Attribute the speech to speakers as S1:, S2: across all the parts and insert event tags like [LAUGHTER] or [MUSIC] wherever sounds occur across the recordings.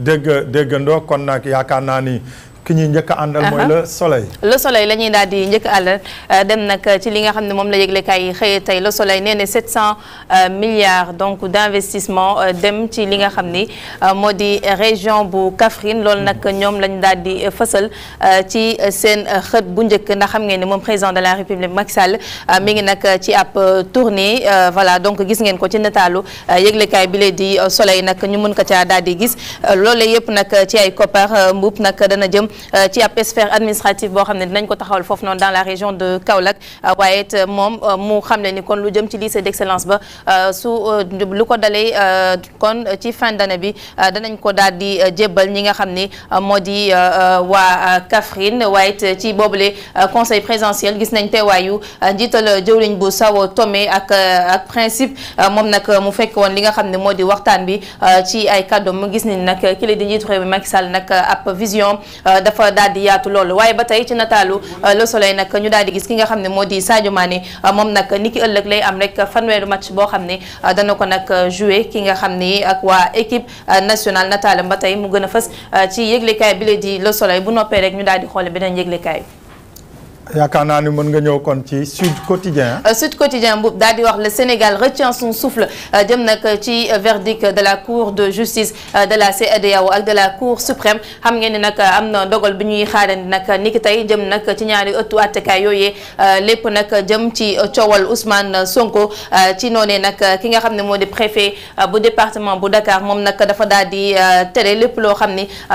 S1: dégg déggandoo kon nag yaakaar naa ni ki ñuy njëkk a le soleil
S2: le soleil la daal di njëkk àndal euh, dem nag ci li nga xam ne la yëglekaay yi xëyee tey le soleil nee 700 euh, milliards donc d'investissement euh, dem ci li nga xam ni région bu Kaffrine loolu nak ñom lañu daal di fësal ci sen xët bu njëkk ndax xam ngeen ne moom président de la république Macky Sall mi ngi nak ci ab tournée voilà donc gis ngeen ko ci nataalu kay bi lee di soleil nak ñu mën ko caa daal di gis loole yëpp nak ci ay koppar mbuub nak dana jëm euh, ci ab administrative bo xamné dañ ko taxawal foofu non dans la région de Kaolack euh, waye it euh, moom mu xamné ni kon lu jëm ci lycée d'excellence ba su lu ko dalé kon ci fin d'année bi danañ ko daldi di ñi nga xamné modi wa Kafrine waye it ci boobule conseil présidentiel gis nañ teewaayu njiital jëwriñ bu sawo Tomé ak ak principe mom nak mu fekk won li nga xamné modi moo waxtaan bi ci ay kàddu mu gis ni nak ki la Macky Sall nak ab vision dafa daal di yaatu loolu waaye ba tey ci nataalu euh, Le Soleil nag ñu daal di gis ki nga xam ne moo di Sadio Mané euh, moom nag ni ki ëllëg lay am rek fanweeru match boo xam ne euh, dana ko nag joué ki nga xam ne ak waa équipe nationale nataalam ba tey mu gën a fës ci yëglekaay bi la di Le Soleil bu noppee rek ñu daal di xoole beneen yëglekaay
S1: yaakaar Sud Quotidien
S2: euh, Sud Quotidien le Sénégal retient son souffle euh, jëm verdict de la cour de justice euh, de la CEDEAO et de la cour suprême xam ngeen nak amna am na dogal bi ñuy xaarandi nag niki tay jëm nak ci ñaari ëttu attekaay yoyé lepp nak jëm ci ciowal Ousmane Sonko ci noné nak ki nga xamné modi préfet bu département bu Dakar mom nak dafa daal di tere lépp loo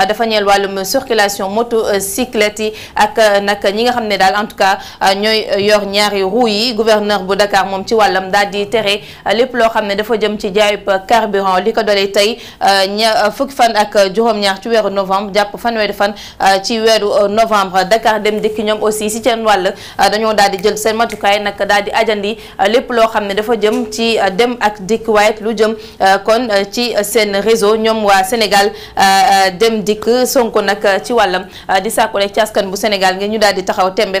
S2: dafa ñël walum circulation moto cyclette ak nak ñi nga xamné en tout cas euh, ñoy euh, yor ñaari roue gouverneur bu Dakar mom ci walam daal di téré euh, lepp lo xamné dafa jëm ci jaayub carburant liko dolé tay tey ña fan ak juróom-ñaar ci wéru novembre fan fanweeri fan ci wéru novembre Dakar dem dik ñom aussi ci seen wàll dañu daal di jël seen matukaay nak daal di ajandi lepp lo xamné dafa jëm ci dem ak dik waaye lu jëm kon ci sen réseau ñom wa Sénégal dem dik Sonko nak ci walam di sàkku ci askan bu Sénégal ngeen ñu daal di taxaw tembe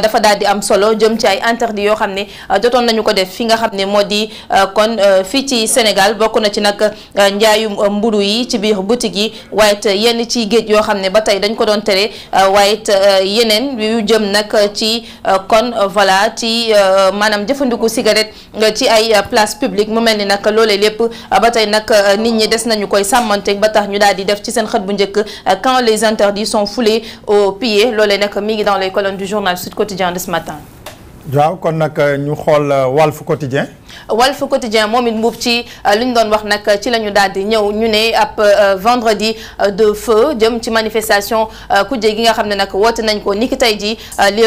S2: dafa daldi am solo jëm ci ay interdit yo xamné euh, jotone nañu ko def fi nga xamné modi euh, kon euh, fi ci Sénégal bokk na ci nak njaayu mburu yi ci biir boutique yi waaye yenn ci géej yo xamné ba dañ ko don téré waaye yenen yu jëm ci kon voilà ci manam jëfëndiku cigarette ci ay place publique mu melni nak lolé loolee lépp ba tey nag nit ñi dess nañu koy samanté ba tax ñu daldi def ci seen xët bu njëkk quand les interdits sont foulés au pied lolé nak mi ngi dans les colonnes du journal Sud quotidien de ce matin.
S1: waaw kon nag euh, ñu xol euh, Walf Quotidien
S2: Walf Quotidien moom it mbuub ci euh, li doon wax nak ci lañu ñu né ap vendredi de feu jëm ci manifestation kujje gi nga xamné nak wote nañ ko niki tay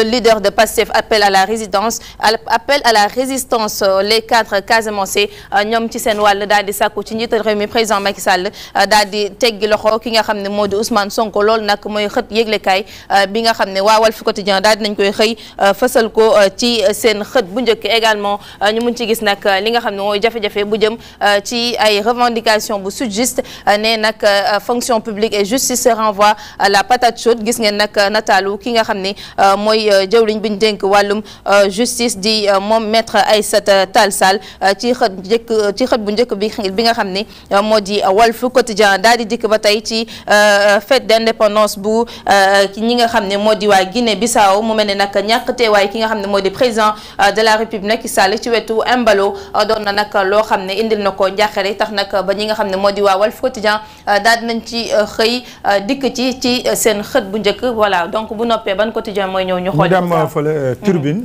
S2: leader de PASTEF appel à la résidence appel à la résistance les quatre casamançais ñom ci seen wal daal di sàkku ci njiital réew mi président Macky Sall daal di loxo ki nga xamné ne Ousmane Sonko nak moy mooy yeglé kay bi nga xamné wa Walf Quotidien daal nañ koy xëy fessel ko ci ci euh, seen bu njëkk également euh, ñu mun ci gis nak euh, li nga xamné moy jafé jafé bu jëm ci ay revendication bu sudjust ne nak fonction publique et justice se renvoie la patate chaude gis ngeen nak natalu ki nga xamné moy mooy jëwriñ bi dénk justice di mom maître Aïssata talsal ci xët jëk ci xët bu njëkk bi nga xamné modi moo Walf Quotidien daal di dik ba tay ci fête d'indépendance bu ñi nga xamné ne wa Guinée Bissau mu melni ne ñak té way ki nga xamné modi président euh, de la république Macky Sall ci wetu Embalo ballot euh, na nag loo xam indil na ko njàqare tax nag ba ñi nga Walf Quotidien euh, daal di nañ ci xëy dikk ci ci bu voilà donc bu noppee ban quotidien mooy ñëw ñu xool.
S1: Mm. turbine.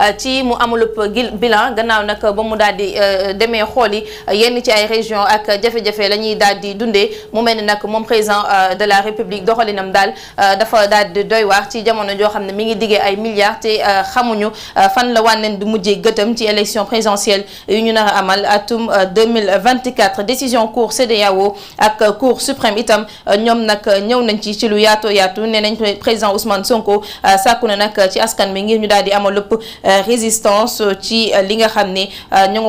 S2: Euh, ci mu amul bilan gannaaw nak ba mu Holi, di euh, euh, yenn ci ay région ak jafé jafé lañuy daldi dundé dundee mu melni nak mom président de la république doxalinam dal dafa daldi doy wax ci jamono jo xamné mi ngi diggé ay milliards té xamuñu fan la wànneen du mujjé gëtam ci élection présidentielle yu ñu nar amal atum 2024 décision cour CEDEAO ak cour suprême itam ñom nak ñew nañ ci ci lu yaatoo yaatu président Ousmane Sonko Sakuna, nak ci askan mi ngir ñu daldi euh, résistance ci euh, li nga euh, ñu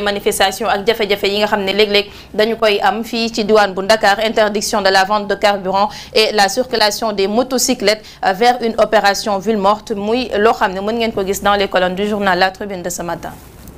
S2: manifestations am interdiction de la vente de carburant et la circulation des motocyclettes vers une opération ville morte muy dans les colonnes du journal La Tribune de ce matin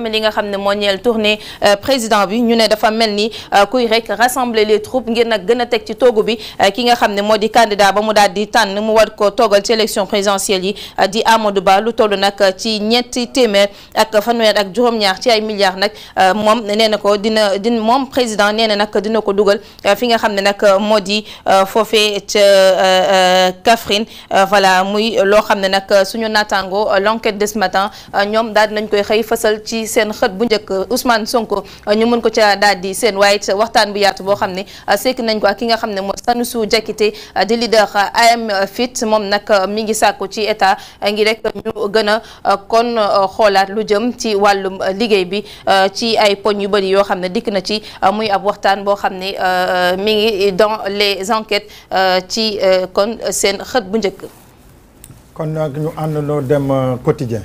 S2: itam li nga xamné mo ñël tourner euh, président bi ñu né dafa melni euh, kuy rek rassembler les troupes ngir nak gëna tek ci toogu bi euh, ki nga xamné modi candidat ba mu daal di tànn mu war ko togal ci élection présidentielle yi di Amadou Ba lu toll nak ci ñetti téeméer ak fanwer ak juróom-ñaar ci ay milliards nak mom nee dina président nee na nag dina ko duggal fi nga xamné nak modi fofé ci voilà muy lo xamné nak suñu natango l'enquête de ce matin ñoom daal nañ koy xey ci seen xët bu njëkk Ousmane Sonko ñu mën ko ca daal di seen waaye it waxtaan bu yaatu boo xam ne uh, sekk nañ ko ak ki nga xam ne mooy Sanusi Diakité uh, di leader uh, AM Fit moom nag mi ngi sàkku ci état ngi rek ñu gën a kon xoolaat lu jëm ci wàllum liggéey bi ci ay poñ yu bëri yoo xam ne dikk na ci muy ab waxtaan boo xam ne mi ngi dans les enquêtes ci kon seen xët bu njëkk
S1: kon nag ñu àndandoo dem
S2: quotidien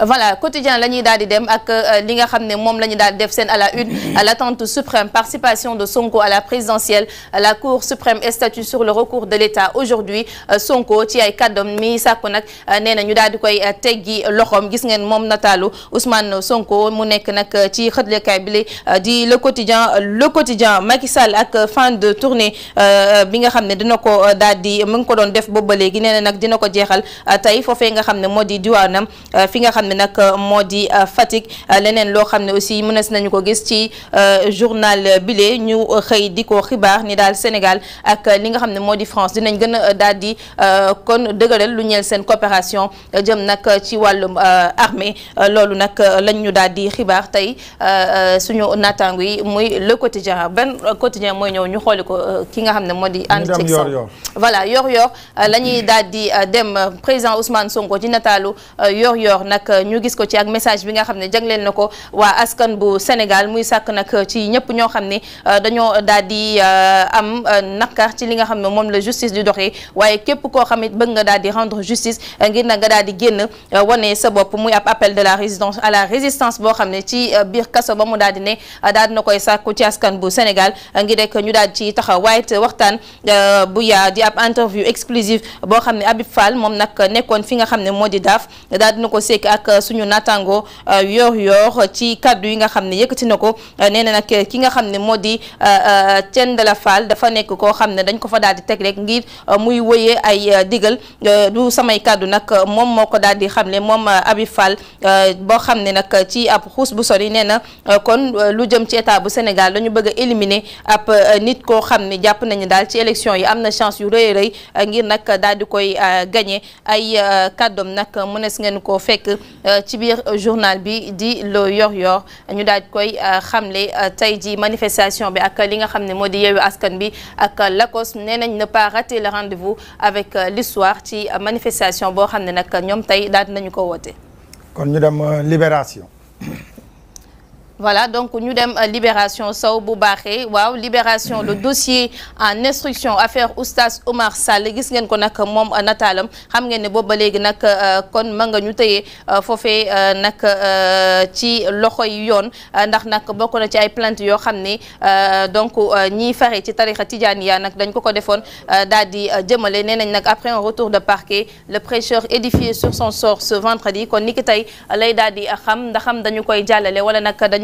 S2: voilà quotidien la ñuy daal di dem ak euh, li nga ne la une à la l'attente suprême participation de Sonko à la présidentielle à la cour suprême statue sur le recours de l'État aujourd'hui euh, Sonko ci ay kàddoom mi sa nag euh, nee na ñu daal di koy teggi gis ngeen Ousmane Sonko mu nekk nag ci xëtlekaay bi di le quotidien le quotidien Macky Sall ak fin de tournée bi nga xam dina ko daal di def Bobole ba léegi nee na dina ko Modi Duanam foofee nga xam ne nag euh, euh, euh, leneen aussi mënees nañu ko gis ci journal bilé ñu xey di ko xibaar ni dal Sénégal ak li nga xam modi France dinañ gëna dal di kon dëgëral lu ñël sen coopération jëm nak ci walum armée lolu nak lañ ñu dal di xibaar tay suñu naataango yi muy le quotidien ben quotidien moy ñëw ñu xooli ki nga xam modi moo voilà yor yor la ñuy daal di dem président Ousmane Sonko ci natalu yor yor nak euh, ñu gis ko ci ak message bi nga xam ne jagleel na askan bu Sénégal muy sàkk nag euh, ci ñëpp ñoo xam euh, dañoo daal di am nakar ci li nga xam ne justice di doxee waaye képp koo xam it bëgg nga daal di rendre justice ngir nag nga daal di génn wane sa bopp muy appel de la résistance à la résistance bo xamné ci bir kasso ba mu daal di ne daal koy ci askan bu Sénégal ngir rek ñu daal ci taxaw waaye waxtaan bu ya di ab interview exclusive bo xamné abib Fall mom nak nekkoon fi nga xamné modi daf daal dina ko sék ak Uh, suñu naataango yor uh, yor ci kaddu yi nga xam ne yëkkati na ko uh, nee na nag ki nga xam ne moo di Thiendella Fall dafa nekk koo xam ne dañ ko fa daal di teg rek ngir muy wëyee ay digal du samay kaddu nag moom moo ko daal di xamle moom Habib Fall boo xam ne nag ci ab xuus bu sori nee na kon lu jëm ci état bu Sénégal dañu bëgg a éliminer ab nit koo xam ne jàpp nañu daal ci élection yi am na chance yu rëyee rëy ngir nag daal di koy gañe ay kàddoom nag mënees ngeen ko fekk Euh, ci euh, journal bi di lo yor-yor ñu daal koy euh, xamlé tay ji manifestation bi ak li nga xamné modi yewu askan bi ak lakos nenañ ne pas rater le rendez-vous avec l'histoire ci manifestation bo xamné nak ñom tay tey daal nañu ko woté
S1: kon ñu dem libération
S2: voilà donc nous dem euh, Libération Sao bu Libération le dossier en instruction affaire Oustas Omar Sall gis ngeen ko nak un euh, Natalam, xam ne bo ba euh, kon ma nga ñu fofé donc fare ci tarixa nak dañ ko après un retour de parquet le prêcheur édifié sur son sort ce vendredi kon niki lay nous xam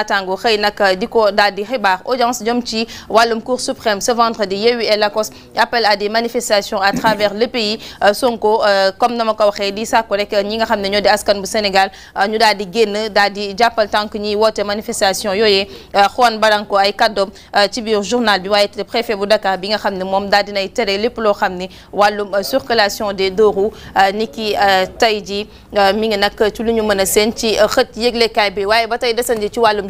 S2: naataango xey nak euh, diko daldi xibar audience jom ci walum cour suprême ce vendredi Yewwi et Lakos appel à des manifestations à travers le pays euh, Sonko euh, comme namako waxe di sàkku rek ñi nga xamne ñoo di askan bu Sénégal ñu daldi genn daldi daal tank ñi wote manifestation yoyé Juan balanko ay kàddoom ci biir journal bi le préfet bu Dakar bi nga xamne mom daldi nay téré lepp lo xamne walum circulation des deux roues niki ki tey mi ngi ci luñu mëna seen ci bi waye batay ci walum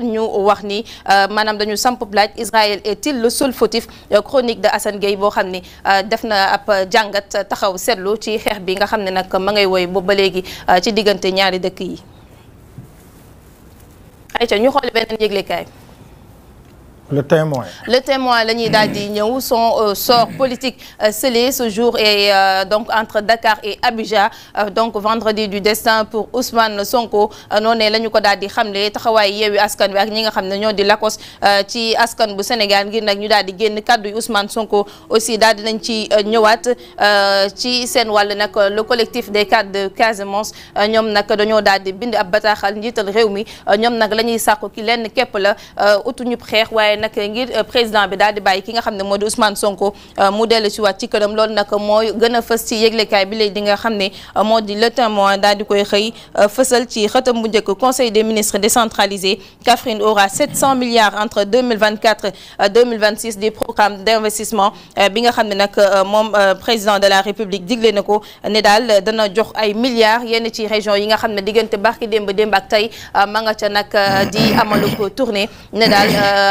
S2: Israël ñu wax ni euh, maanaam dañu samp laaj Israël est-il le seul fautif euh, chronique de Assane Gueye boo xam ni euh, def na ab jàngat taxaw seetlu ci xeex bi nga xam ne nag ma ngay woy boobu ba léegi ci diggante ñaari dëkk yi. ayca ñu xool beneen yëglekaay. Le témoin. Le témoin, où son euh, sort politique euh, scellé ce jour et euh, donc entre Dakar et Abuja donc vendredi du destin pour Ousmane Sonko. non la ñu ko daal di xamle taxawaay yeewi askan wi ak ñi nga ñoo di lakos ci askan bu Sénégal ngir nag ñu daal di génn Ousmane Sonko aussi daal di nañ ci ñëwaat ci le collectif des cadres de Casamance ñoom nag dañoo daal di bind ab bataaxal njiital réew mi ñoom nag la ñuy sàkku ki lenn képp la utu nak ngir euh, président bi dal di baye ki nga xamné ne Ousmane Sonko euh, mu délé ci wat ci këram loolu nak mooy gëna fess ci ci kay bi léegi di nga xamné ne euh, le témoin dal di koy xëy fësal ci xëtam bu njëkk conseil des ministres décentralisé Kaffrine aura 700 milliards entre 2024 2026 des programmes d'investissement bi nga xamné nak mom président de la république diglé nako né dal daal dana jox ay milliards yenn ci région yi nga xamné digënté barki demb démb ak tay ma nga ca nag di amalu ko tourner né dal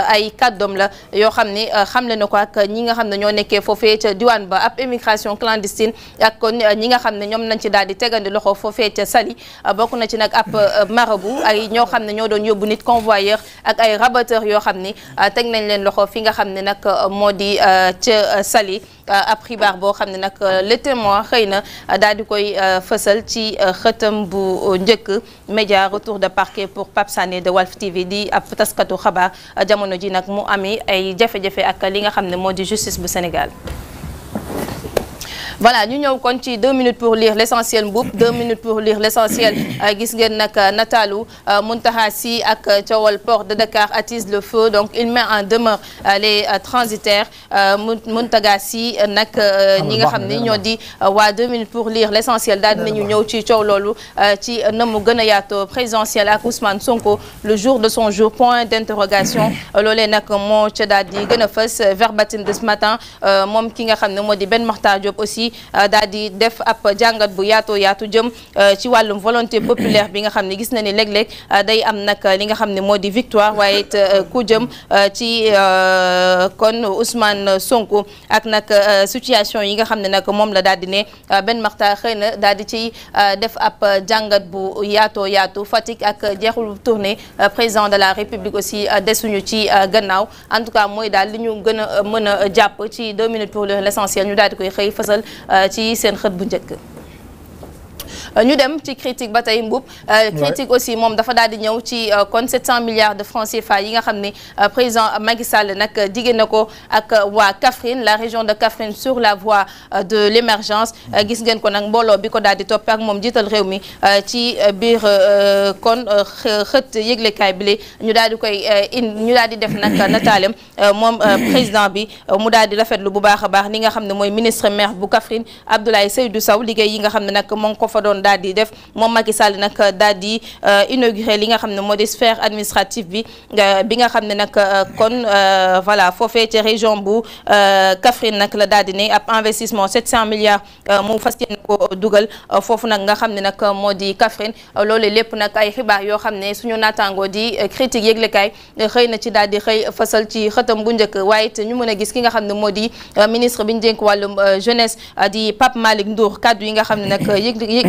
S2: ay kàddoom la yoo xam ni euh, xamle na ko ak ñi nga xam ne ñoo nekkee foofee ca diwaan ba ab immigration clandestine ak kon euh, ñi nga xam ne ñoom nañ ci daal di tegandi loxo foofee ca Saly euh, bokk na ci nag ab marabu ay ñoo xam ne ñoo doon yóbbu nit convoyeur ak ay rabatteur yoo xam ne teg nañ leen loxo fi nga xam ne nag moo di ca Saly Euh, ab xibaar boo xam euh, le témoin xëy na euh, daal di koy fësal ci xëtam bu njëkk média retour de parquet pour Pape Sané de Walf TV di ab taskatu xabaar jamono ji nag mu amee ay jafe-jafe ak li nga xam ne moo di justice bu Sénégal voilà ñu ñëw kon ci deux minutes pour lire l'essentiel Boup, deux minutes pour lire l'essentiel euh, gis ngeen nag euh, nataalu euh, ak coowal port de Dakar attise le feu donc il met en demeure les transitaires Muntagasi, Sy nag ah, ñi nga xam ñoo di deux minutes pour lire l'essentiel daal dinañu ñëw ci coow loolu ci mu présidentiel ak Ousmane Sonko le jour de son jour point d'interrogation Lolé nag moo ca daal di gën verbatim de ce matin Mom ki nga xam Ben Makhtar Diop aussi ci euh, daal di def ab jàngat bu yaatoo yaatu jëm euh, ci wàllum volonté populaire bi nga xam ne gis na ni léeg-léeg euh, day am nag li nga xam ne moo di victoire waaye it ku jëm ci kon Ousmane Sonko ak nag situation yi nga xam ne nag moom la daal di ne benn maxta xëy na daal di ciy def ab jàngat bu yaatoo yaatu Fatick ak jeexul tournée président de la République aussi desuñu ci gannaaw en tout cas mooy daal li ñu gën a mën a jàpp ci deux minutes pour l'essentiel ñu daal di koy xëy fësal ci seen xët bu njëkk Euh, ñu dem ci critique ba tey euh, critique aussi moom dafa daal di ñëw ci euh, kon 700 milliards de francs CFA yi nga xam président Macky Sall nag jigéen na ak Kaffrine la région de Kaffrine sur la voie de l'émergence gis ngeen ko nag mbooloo bi ko daal di topp ak moom jiital réew mi ci biir kon xët yëglekaay bi li ñu daal di koy in ñu daal di def nag nataalem moom président bi mu daal di lu bu baax baax ni nga xam moy ministre maire bu Kaffrine Abdoulaye Seydou Sow liggéey yi nga xam nak mo moo ngi ko fa fa doon di def moom Macky Sall nag di euh, li nga xam ne sphère administrative bi bi nga xam nak euh, kon euh, voilà fofé ci région bu Kaffrine nak la daal di ne investissement 700 milliards mo fas ko dougal fofu nak nga xam nak nag moo di Kaffrine loolu lépp nak ay xibaar yo xam suñu natango di critique yëglekaay kay xeyna ci daal di xëy fasal ci xëtam bu njëkk waaye ñu mëna gis ki nga xam ne ministre bi ñu walum jeunesse di Pape malik Ndour cadre yi nga xam nak nag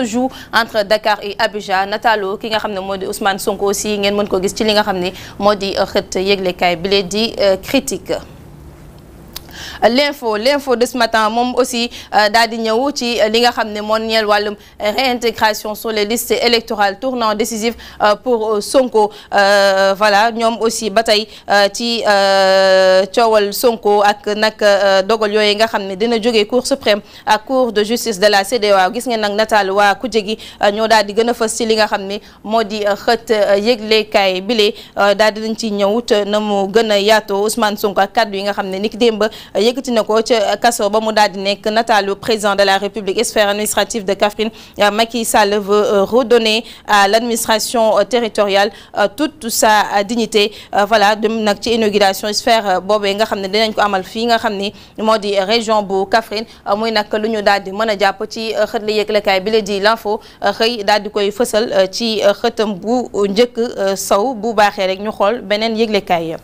S2: entre Dakar et Abuja natalo ki nga Ousmane Sonko aussi ko gis ci euh, critique l'info l'info de ce matin moom aussi euh, dadi di ci euh, li nga xamné ne moo walum réintégration sur les listes électorales tournant décisif euh, pour Sonko voilà ñom aussi bataille ci ciowal Sonko ak nak dogal yooyu nga xamné dina joggé cour suprême ak cour de justice de la CEDEAO gis ngeen nak natal wa ku jegi ñoo dadi gëna gën ci li nga xamné modi xëtt yeglé kay bile daal dinañ ci ñëw te na mu gën a Ousmane Sonko ak yi nga xamné niki euh, yëkkati nako ci kasso ba mu daldi nek nekk président de la république et sphère administrative de Kaffrine euh, Macky Sall veut euh, redonner à l'administration territoriale toute sa dignité voilà de nag ci inauguration sphère bobé nga xamné dinañ ko amal fi nga xamné modi, région bu Kaffrine moy nak luñu daldi mëna japp ci xët la bi la di l'info xey daldi koy fësal ci xëtam bu njëkk saw bu baaxee rek ñu xool beneen yëglekaay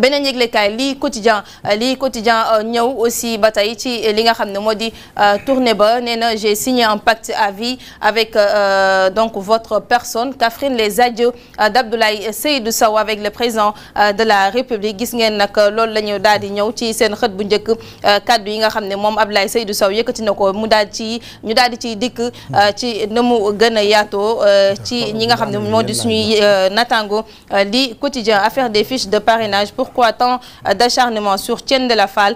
S2: beneen yëglekaay li quotidien li quotidien na euh, ñëw aussi ba ci li nga xamné modi euh, tourner ba néna j'ai signé un pacte à vie avec euh, donc votre personne Kaffrine les adieux euh, d'Abdoulaye Seydou Sow avec le président de la République gis ngeen nak lool lañu daldi daal ci seen xët bu njëkk cadeau yi nga xamné mom Abdoulaye Seydou Sow yëkëti nako mu dal ci ñu daldi ci dik ci na mu gën a ci ñi nga xamné modi suñu natango li quotidien affaire des fiches de parrainage pourquoi tant d'acharnement sur Tienne de la Fall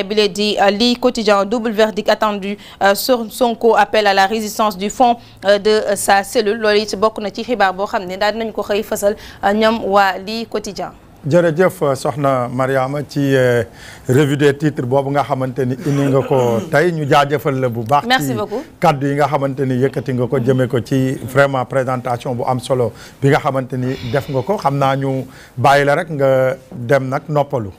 S2: yéenekaay bi lee di euh, lii quotidien double verdict attendu euh, sur Sonko appel à la résistance du fond euh, de sa cellule loolu it bokk na ci xibaar boo xam ne daal dinañ ko xëy fësal ñoom waa lii quotidien
S1: jërëjëf Sohna Mariama ci revue des titres bobu nga xamanteni ni indi nga ko [COUGHS] tay ñu jaajeufal le bu baax. merci ci kaddu yi nga xamanteni ni nga ko jëme ko ci vraiment présentation bu am solo bi nga xamanteni def nga ko xamna ñu bayila rek nga dem nak noppalu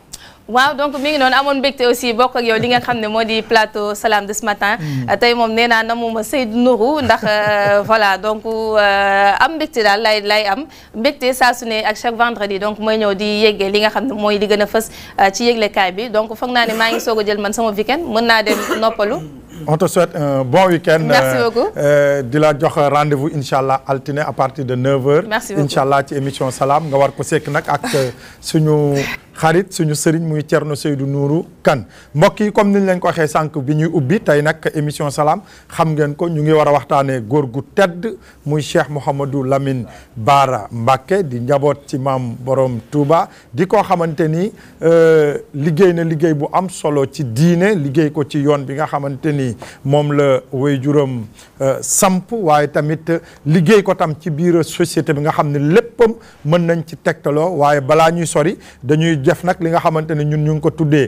S2: waaw donc mi ngi noonu amoon mbégte aussi bok ak yow li nga xamné modi plateau Salam de ce matin mm. tay mom nee naa na mooma Nourou ndax euh, [LAUGHS] voilà donc euh, am mbégte dal lay lay am mbégte sa suné ak chaque vendredi donc moy ñëw di yeggé li nga xamné moy li gëna fess a fës euh, kay bi donc foog naa ne maa ngi sogo jël man sama weekend mën naa dem noppalu
S1: on te souhaite un bon week-end. merci beaucoup di la jox rendez-vous inshallah, Altiné, à partir de 9h. merci beaucoup incha ci émission Salam nga war ko sekk nag ak suñu. xarit suñu serigne muy tierno Seydou Nourou kan mbokk yi comme niñ leen ko waxee sank bi ñuy ubbi tay nak émission salam xam ngeen ko ñu ngi wara a gor gu tedd muy Cheikh Mouhamadou Lamine Bara Mbacké di njabot ci mam borom Touba di ko xamanteni ni euh, liggéey na liggéey bu am solo ci diine liggéey ko ci yoon bi nga xamante ni moom la waajuram euh, samp waye tamit liggéey ko tam ci biir société bi nga xam leppam léppam mën nañ ci tektalo waye bala ñuy sori dañuy def nag li nga xamante ne ñun ñu ngi ko tuddee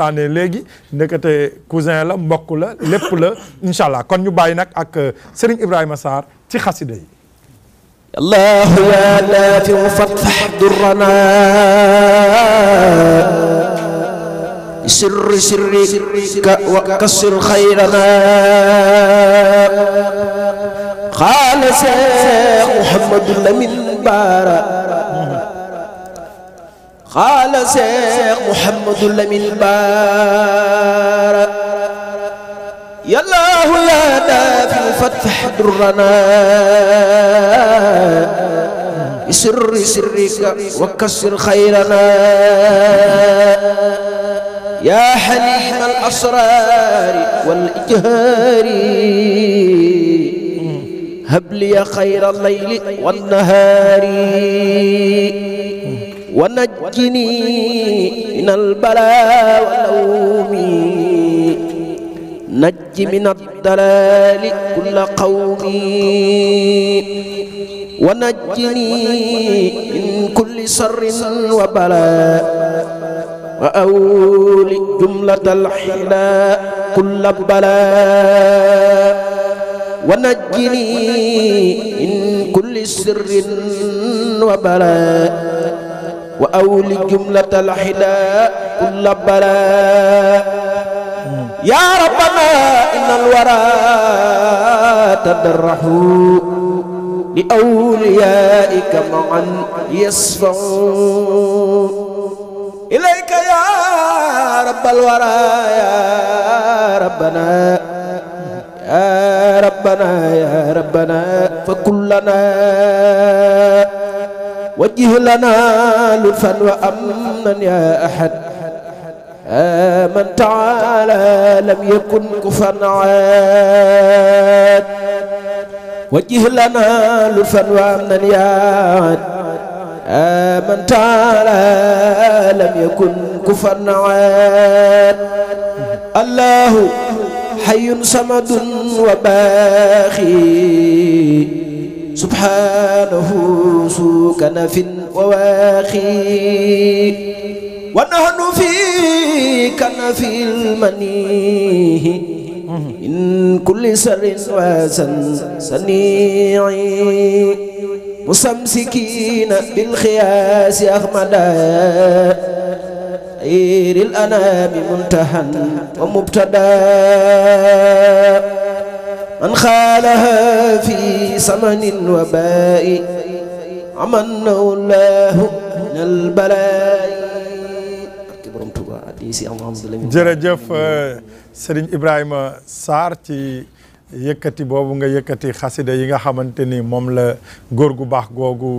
S1: waxtane legui ndekete cousin la mbokk la lépp la inshallah kon ñu bàyyi nak ak Serigne Ibrahima sar ci xasida yi الله يا نافع فاتح درنا
S3: سر سرك وكسر خيرنا قال سيد محمد لمن بارك قال سيخ محمد لمن بار يا الله يا دافع الفتح درنا سر سرك وكسر خيرنا يا حليم الأسرار والإجهار هب لي خير الليل والنهار ونجني من البلاء واللوم نج من الضلال كل قومي ونجني من كل سر وبلاء وأولي جملة الحلاء كل بلاء ونجني من كل سر وبلاء وأولي جملة الحداء كل بلاء يا ربنا إن الورى تدرحوا لأوليائك معا يصفعوا إليك يا رب الورى يا ربنا يا ربنا يا ربنا فكلنا وجه لنا لطفا وأمنا يا أحد آه، من تعالى لم يكن كفا عاد وجه لنا لطفا وأمنا يا أحد آه، من تعالى لم يكن كفا عاد الله حي صمد وباخي سبحانه سو كنف الواخي ونحن في كنف المنيه من كل سر وسن سنيع مستمسكين بالخياس أخمدا خير الأنام منتهى ومبتدا من خالها في سمن وباء عمنه الله من البلاء jërëjëf
S1: sëriñ Ibrahima Sarr ci yëkkati boobu nga yëkkati xasida yi nga xamante ni moom la góor gu baax googu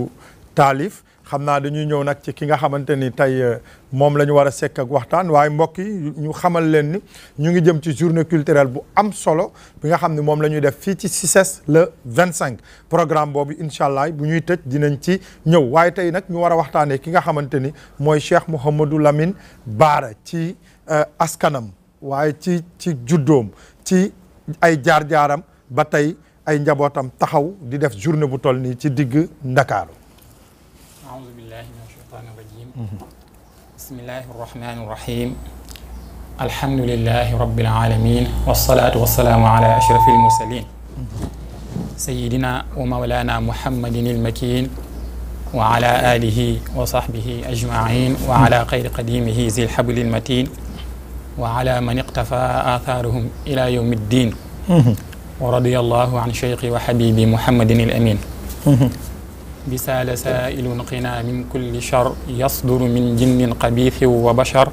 S1: taalif xam naa dañuy ñëw nag ci ki nga xamante ni tey euh, moom la ñu war a sekk ak waxtaan waaye mbokk yi ñu xamal leen ni ñu ngi jëm ci journée culturelle bu am solo bi nga xam ne moom la ñuy def fii ci CICES le 25 programme boobu incha allah bu ñuy tëj dinañ ci ñëw waaye tey nag ñu war a waxtaanee ki nga xamante ni mooy Cheikh Mouhamadou Lamine Baara ci euh, askanam waaye ci ci juddoom ci ay jaar-jaaram ba tey ay njabootam taxaw di def journée bu toll nii ci digg Ndakaaru
S4: بسم الله الرحمن الرحيم الحمد لله رب العالمين والصلاة والسلام على أشرف المرسلين سيدنا ومولانا محمد المكين وعلى آله وصحبه أجمعين وعلى خير قديمه ذي الحبل المتين وعلى من اقتفى آثارهم إلى يوم الدين ورضي الله عن شيخي وحبيبي محمد الأمين بسال سائل قنا من كل شر يصدر من جن قبيح وبشر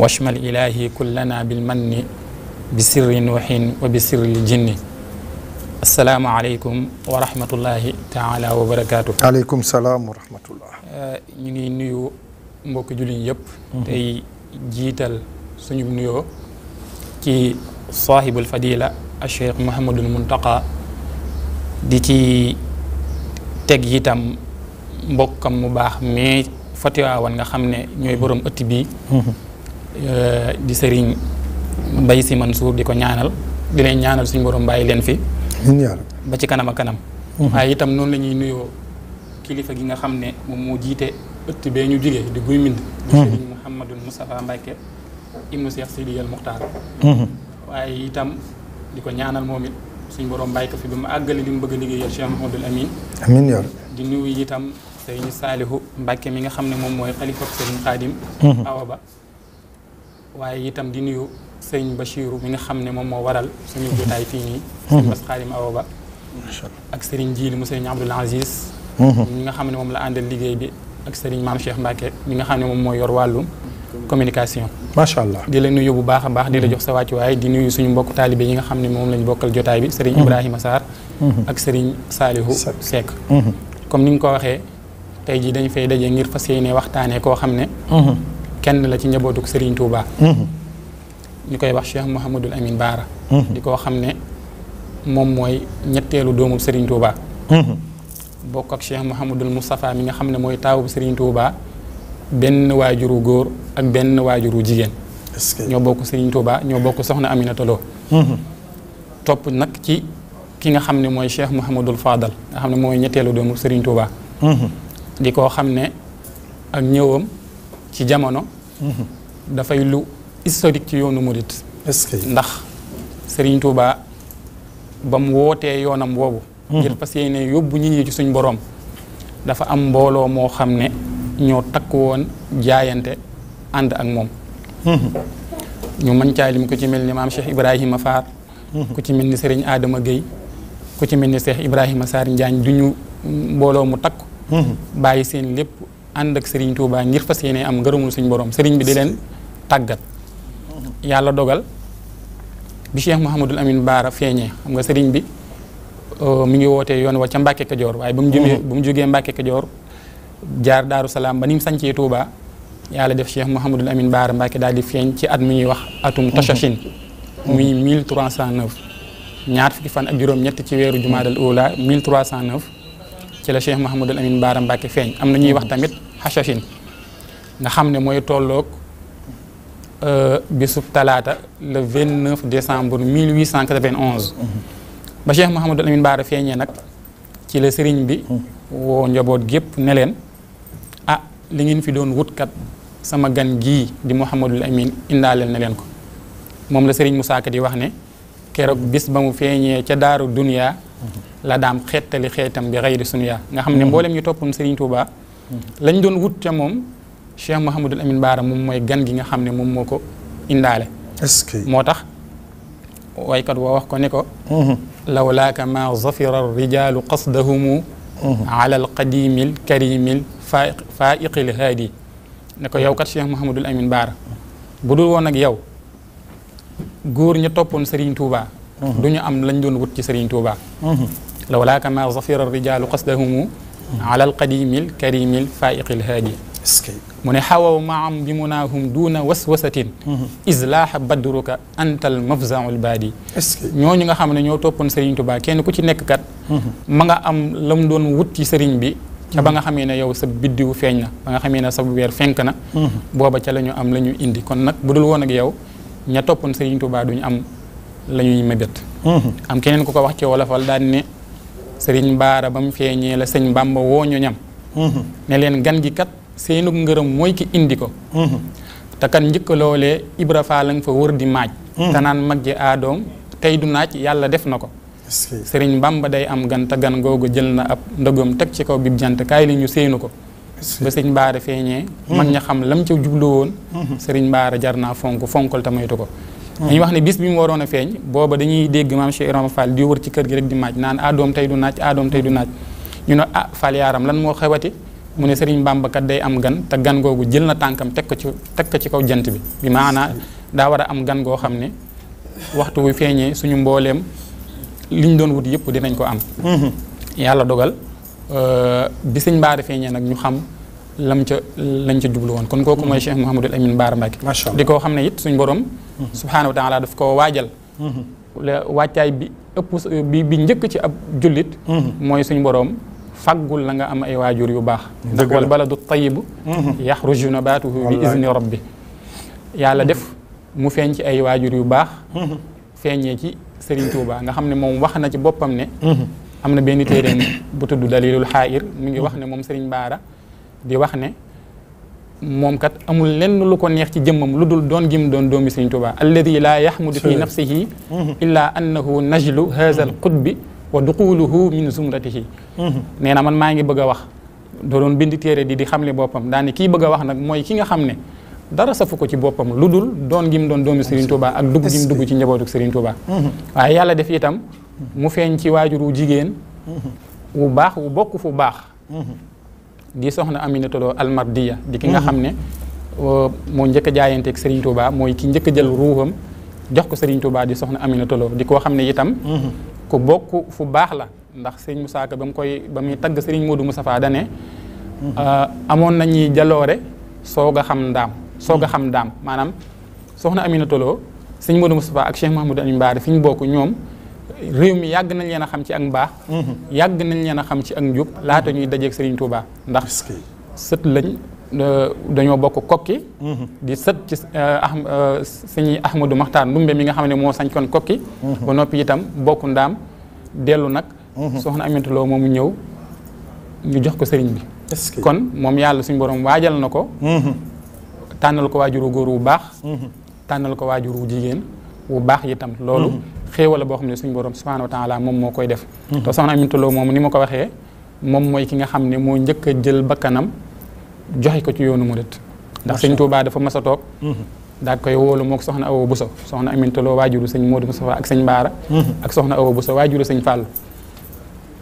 S4: واشمل إلهي كلنا بالمن بسر نوح وبسر الجن السلام عليكم ورحمة الله تعالى وبركاته عليكم
S1: السلام ورحمة
S4: الله آه، ñu نيو nuyu mbokki jullit تي جيتال jiital نيو كي صاحب الفضيلة الشيخ محمد المنتقى دي Muntaqa teg itam mbokkam mu baax mais fatiwaawan nga xam ne ñooy boroom ëtt bii mhm. di sëriñ Mbay Si man Mansuur di ko ñaanal di leen ñaanal suñ borom bàyyi leen fi ba ci kanam kanam mhm. waaye itam noonu lañuy nuyoo kilifa gi nga xam ne moom moo jiite ëtt bee ñu jógee di guy mbind di mhm. sëriñ Mouhamadou Moustapha Mbacke ibnu Cheikh Sidiyal Muxtaar waaye itam di ko ñaanal moom it suñu boroom bàyyi ko fi ba mu àggale li mu bëgg a liggéeyal Cheikh Mouhamadoul Amine amiin yor di nuyu itam Sëriñ Saalihu Mbàkke mi nga xam ne moom mooy xalifa Sëriñ Xaadim mhm. Awa Ba waaye itam di nuyu Sëriñ Bachiru mi nga xam ne moom moo waral suñu jotaay fii nii mhm. Sëriñ Bas Xaadim Awa Ba ak Sëriñ Jiili mu Sëriñ Abdoul Aziz ñi mhm. nga xam ne moom la àndal liggéey bi ak Sëriñ Maam Cheikh Mbàkke mi nga xam ne moom mooy yor wàllum communication ma sha allah di leen nuyu bu baax baax di la jox sa way di nuyu suñu mbokk talibé yi nga xamni mom lañ bokkal jotaay bi serigne Ibrahima sar ak serigne salihu sek comme niñ ko waxé tay ji dañ fay daje ngir fas yéene waxtaanee koo xam kenn la ci njabootuk serigne Touba. ñu koy wax Cheikh Mouhamadul Amin bara diko xamné mom moy ñettelu doomu serigne Touba. bok ak Cheikh Mouhamadul Moustapha mi nga xamné moy tawu serigne Touba ben wajuru góor ak benn waajuru jigéen. ñoo bokk Serigne Touba ñoo bokk Soxna Aminata Lo. Mhm. topp nag ci ki nga xam ne mooy Cheikh Mouhamadul Fadal nga xam ne mooy ñetteelu doomu Serigne Touba. Mhm. di koo xam ne ak ñëwam ci jamono. Mhm. dafay lu historique ci yoonu murit ndax sëriñ Touba ba mu wootee yoonam woowu. ngir fas yéene yóbbu nit ñi ci suñ boroom. dafa am mbooloo moo xam ne ñoo takk woon jaayante. ànd ak moom ñu mën caa lim ku ci mel ni maam Cheikh Ibrahima Faar ku ci mel ni sëriñ Adama géey ku ci mel ni Cheikh Ibrahima Sarr Njaañ du ñu mbooloo mu takk bàyyi seen lépp ànd ak sëriñ Touba ngir fas yéene am ngërëmul suñ borom sëriñ bi di leen tàggat yàlla dogal bi Cheikh Mouhamadul Amin Baara feeñee xam nga Serigne bi euh, mu ngi wootee yoon wa ca Mbàkke waaye ba mu jógee ba mu jógee Mbàkke Kajoor jaar Daaru Salaam ba ni mu tuuba yàlla def Cheikh el Amin bar mbake dal di feeñ ci at mi wax atum tashashin muy 1309. ñaar fi fan ak juroom ñet ci weeru jumaadal oula 1309 ci la Cheikh Mouhamadul Amin Baara Mbacke feeñ am na ñuy wax tamit Tachachine nga xam ne mooy tolloog bisub talaata le 29 décembre 1891. ba Cheikh Mouhamadul Amin Baara feeñee nag ci la sëriñ bi woo njaboot gépp ne leen. li ngeen fi doon wutkat sama gan gii di Mouhamadul Amin indaaleel na leen ko moom la Serigne Moussa Ka di wax ne keroog bis ba mu feeñee ca daaru duniya la daam xettali xeetam bi xayri sunuya nga xam ne mboolem ñu toppoon Serigne Touba lañ doon wut ca moom Cheikh Mouhamadul Amin Baara moom mooy gan gi nga xam ne moom moo ko indaale. est-ce que moo tax waykat woo wax ko ne ko. lawlaaka ma zafira rijaalu qasdahumu ala alqadimil karimil faa iqil haadi ne ko yow kat Cheikh Mouhamadul Amin Baara bu dul woon ak yow góor ña toppoon Serigne Touba. du ñu am lañ doon wut ci Serigne Touba. lawlaa kama zafira rijaalu qasdahumu ala alqadimil karimil faiqil haadi mu ne xawaw maam bi munaahum duuna waswasatin islaaha badruka antal mafzaul baadi ñooñu nga xam ne ñoo toppoon Serigne Touba kenn ku ci nekk kat ma nga am lam doon wut ci Serigne bi ca ba nga xamee ne yow sa biddiwu feeñ na ba nga xamee ne sa weer fenk na mhm. booba ca la ñu am la ñu indi kon nag bu dul woon ak yow ña toppoon Sëriñ Tuubaa duñu am la ñuy mhm. am keneen ku ko wax ci wolofal daal ne Sëriñ Baara ba mu feeñee la sëñ Bàmba woo ñu ñam mhm. ne leen gan gi kat seenug ngërëm mooy ki indi ko te kan njëkk loolee Ibra Faal la nga fa wër di maaj te naan mag ji aadoom tey du naaj yàlla def na ko sëriñ Bamba day am gan te gan googu na ab ndëggoom teg ci kaw bib jant kaay li ñu séenu ko ba sëriñ feeñee hmm. man ña xam lam ca jublu woon hmm. sëriñ Baara jar naa fonk fonkal te moytu ko hmm. dañuy wax ne bis bi mu waroon a feeñ booba dañuy dégg maam Cheikh Ibrahima ci kër gi rek maaj naan adoom tey du naaj adoom du naaj ñu ne ah Fall yaaram lan moo xewati mu ne sëriñ Bamba day am gan te gan googu jël na tànkam teg ko ci teg ko ci kaw jant bi bi maanaa daa war a am gan goo xam ne waxtu wu feeñee suñu mbooleem liñ doon wut yëpp dinañ ko am. Mm-hmm. yàlla dogal euh, bi sëñ Baara feeñee nag ñu xam lam ca lañ ca jublu woon kon kooku mooy mm-hmm. Cheikh Mouhamadul Amine Baara Mbacke. macha allah di ko xam ne it suñ borom. Mm-hmm. subhaanahu wa taala daf koo waajal. la wàccaay bi ëpp bi bi njëkk ci ab jullit. mooy suñ borom. faggul la nga am ay waajur yu baax ndax wal baladu tayibu yaxruju nabaatuhu bi izni rabbi yàlla def mu feeñ ci ay waajur yu baax feeñee ci سرين توبا عندما نمهم وحنا جبوب بمنة أمنا بيني تيرين بتو دلالي للحائر مني وحنا مم سرين بارا دي وحنا مم كات أمول لين لوكون يختي جمم لودل دون جيم دون دومي سرين توبا الذي لا يحمد في نفسه إلا أنه نجل هذا القطب ودقوله من زمرته نعم من ما يبغى وح دون بيني تيرين دي خملي بوبم داني كي بغى وحنا موي كينغ dara safu ko ci boppam lu dul doon gi mu doon doomi Serigne Touba ak dugg gi dugg ci njabootu Serigne Touba. Mhm. waaye yàlla def tam mu feeñ ci waajuru jigéen. Mhm. wu baax wu bokk fu baax. Mhm. di soxna Aminata Lo Almardiya di ki nga xam ne uh, moo njëkk a jaayanteeg Serigne Touba mooy ki njëkk jël ruuxam jox ko Serigne Touba di soxna Aminata di koo xam ne itam. ku bokk fu baax la ndax Serigne Moussa Ka ba mu koy ba muy tagg Serigne Modou Moustapha da ne uh, amoon nañuy jaloore soog a xam ndaam. soog a xam daam maanaam soxna Amina Tolo sëñ Modou Moustapha ak Cheikh Mahamadou Amin Mbaare fi ñu bokk ñoom réew mi yàgg nañ leen a xam ci ak mbaax mhm. yàgg nañ leen a xam ci ak njub laata ñuy dajeeg Serigne Touba ndax sët lañ euh, dañoo bokk kokki mhm. di sët ci ah sëñ Ahmadou Maxtaar Ndumbe mi nga xam ne moo sañ koon kokki mhm. ba noppi itam bokku ndaam dellu nag soxna Aminata Lo moomu ñëw ñu jox ko sëriñ bi kon moom yàlla suñu borom waajal na ko tànnal ko waajur wu góor wu baax mhm. tànnal ko waajur wu jigéen wu baax itam loolu mhm. xéewal la boo xam ne suñu borom subhaana wa taala moom moo koy def mhm. te soxna Aminta Lo moom ni ko waxee moom mooy ki nga xam ne moo njëkk a jël bakkanam joxe ko ci yoonu murit ndax sëñ Tuubaa dafa mas a toog daal koy woolu moo ko soxna Awa Buso soxna Aminta Lo waajuru sëñ Moodu Mustafa ak sëñ Baara ak soxna Awa Buso waajuru sëñ Fàllu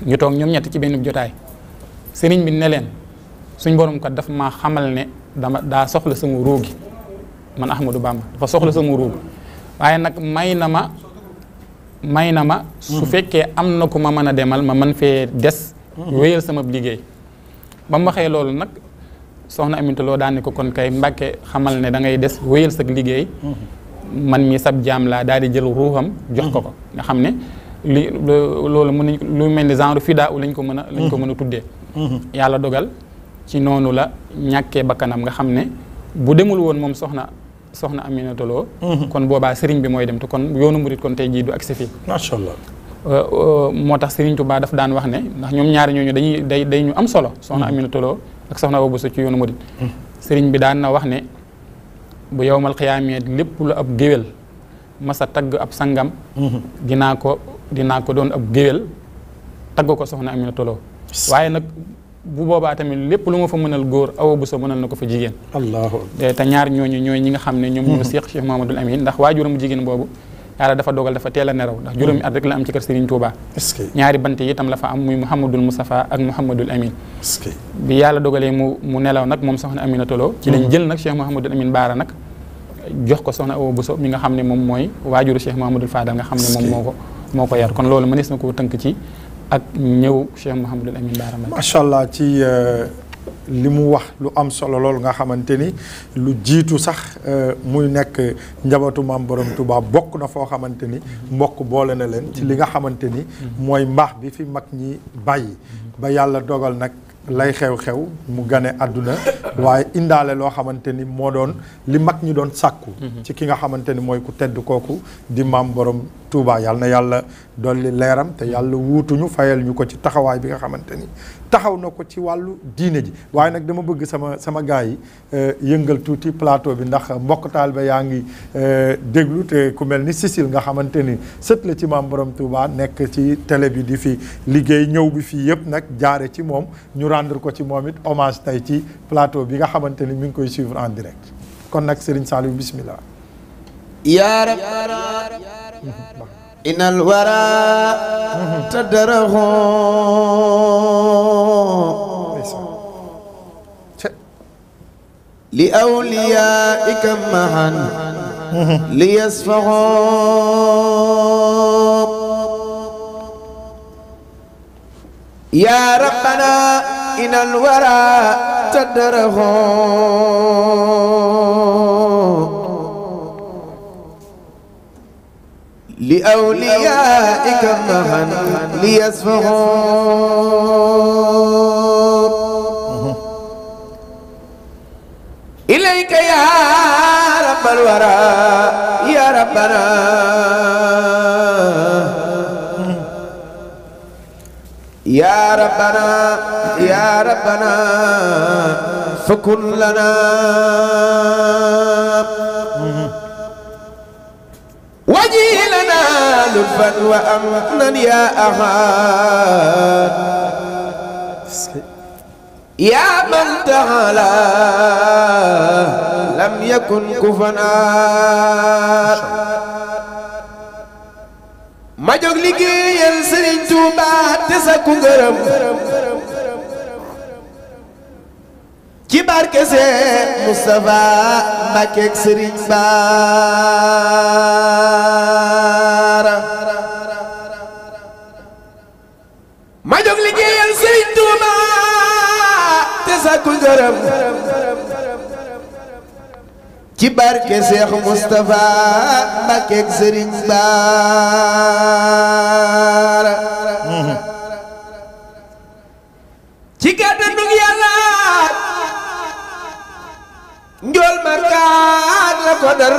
S4: ñu toog ñoom ñett ci benn jotaay sëriñ bi ne leen suñ borom kat daf maa xamal ne dama daa soxla sama ruu gi man Ahmadou Bamba dafa soxla sama ruu waaye nag may na ma may na ma su fekkee am na ku ma mën a demal ma man fee des wéyal sama liggéey ba mu waxee loolu nag soxna Aminta Lo daan ne ko kon kay Mbàkke xamal ne da ngay des wéyal sa liggéey man mi sab jaam laa daal di jël ruuxam jox ko ko nga xam ne li loolu mën nañ lu mel ni genre fidaa u lañ ko mën a lañ ko mën a tuddee mhm. yàlla dogal ci noonu la ñàkkee bakkanam nga xam ne bu demul woon moom soxna soxna Aminata Lo mhm. kon boobaa sëriñ bi mooy dem te kon yoonu murit kon tey jii du agsi fii macha allah euh, euh, moo tax Serigne Touba daf daan wax ne ndax ñoom ñaari dañuy day day ñu am solo soxna mhm. Aminata Lo soxna Awa Bousso ci yoonu murit mhm. sëriñ bi daan na wax ne bu yowmal xiyaamee lépp lu ab géwél masa tagg ab sangam dinaa ko dinaa ko doon ab géwél tagg ko soxna Aminata Lo waaye nag bu boobaa tamit lépp lu ma fa mënal góor awa bu sa mënal na ko fa jigéen allahu eh, te ñaar ñooñu ñooy ñi nga xam ne ñoom ñoo mm-hmm. seex Cheikh Mamadou ndax waajuramu jigéen boobu yàlla dafa dogal dafa a neraw ndax juróomi mm-hmm. at rek la am ci kër Serigne Touba ñaari bant yi itam la fa am muy Mouhamadul Moustapha ak Mouhamadul Amine bi yàlla dogalee mu mu nelaw nag moom soxna Amina Tolo ci lañ mm-hmm. jël nag Cheikh Mouhamadul Amine Baara nag jox ko soxna awa bu mi nga xam ne moom mooy waajuru Cheikh Mouhamadul Fadal nga xam ne moom moo ko moo ko yar kon loolu mënees na koo tënk ci ak ñëw Cheikh
S1: Mouhamadul Amin Baara Mbacké macha allah ci euh, li mu wax lu am solo loolu nga xamante ni lu jiitu sax euh, muy nekk njabootu maam borom Touba bokk na foo xamante ni mbokk boole na leen ci li nga xamante ni mooy mbaax bi fi mag ñi bàyyi ba yàlla dogal nag lay xew-xew mu gane àdduna waaye indaale loo xamante ni moo doon li mag ñi doon sàkku mm-hmm. ci ki nga xamante ni mooy ku tedd kooku di maam borom Touba yàlla na yàlla dolli leeram te yàlla wuutuñu fayal ñu ko ci taxawaay bi nga xamante ni taxaw na ko ci wàllu diine ji waaye nag dama bëgg sama sama gars yi euh, yëngal tuuti plateau bi ndax mbokk taalibe yaa ngi euh, déglu te ku mel ni sisil nga xamante ni sët la ci maam borom Touba nekk ci télé bi di fi liggéey ñëw bi fii yëpp nag jaare ci moom ñu rendre ko ci moom it hommage tey ci plateau bi nga xamante ni mi ngi koy suivre en direct kon nag Serigne Saliou bismillah
S5: إن الورى تدره لأوليائك معا ليسفهم يا ربنا إن الورى تدره لأوليائك مهن ليسفغوا إليك يا رب الورى يا ربنا يا ربنا يا ربنا فكن لنا لطفا وأمنا يا أحد يا من تعالى لم يكن كفنا ma jóg liggéeyal Serigne Touba te sakku ngërëm ci barke Seex Moustapha Mbàkke ak Serigne Ba daara ma jóg liggéeyal sëriñ Tuuba te sàkku ngërëm ci barke Seex Moustapha Mbàkke ak sëriñ Baara ci kàttanu Yàlla njool ma kaat la ko dar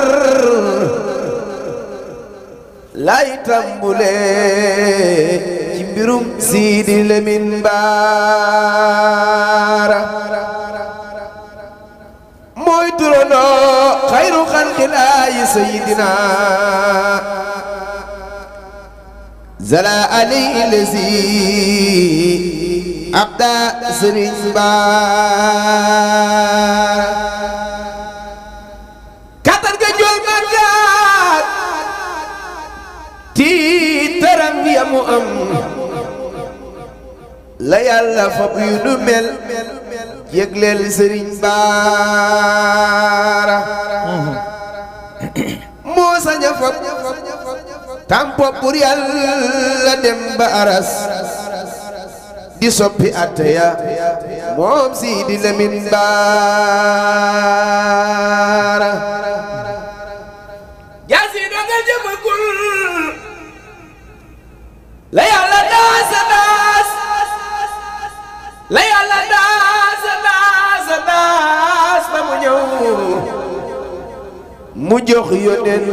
S5: lay tàmbulee ci mbirum Sidi Lamin Baara mooy turandoo xayru xalqilaayi sayidina zala alayhi lazi abda Sëriñ Baara la mu am yu nu mel sëriñ baara moo sañ a fab tampo pour yàlla aras di soppi atte moom sii lemin baara
S2: la yàlla daas a daas
S5: la yàlla
S6: daas
S5: a daas a daas ba mu ñëw mu jox yónneen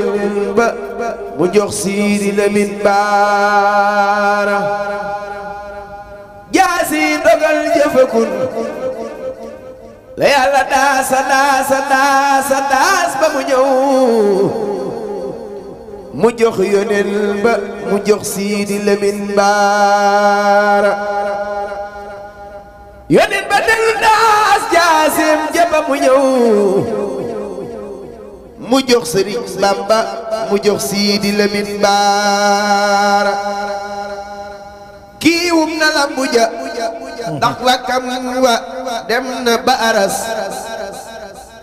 S5: ba mu jox Siidi Lamin Baara jaasi dogal jëfëkun la yàlla daas a daas a daas a daas ba mu ñëw mu jox yonel ba mu jox sidi lamin baara ba dellu daas jaasim jaba mu ñew mu jox sëriñ bamba mu jox sidi lamin baara kii wum na lambu ja ndax rakkam wa dem na ba aras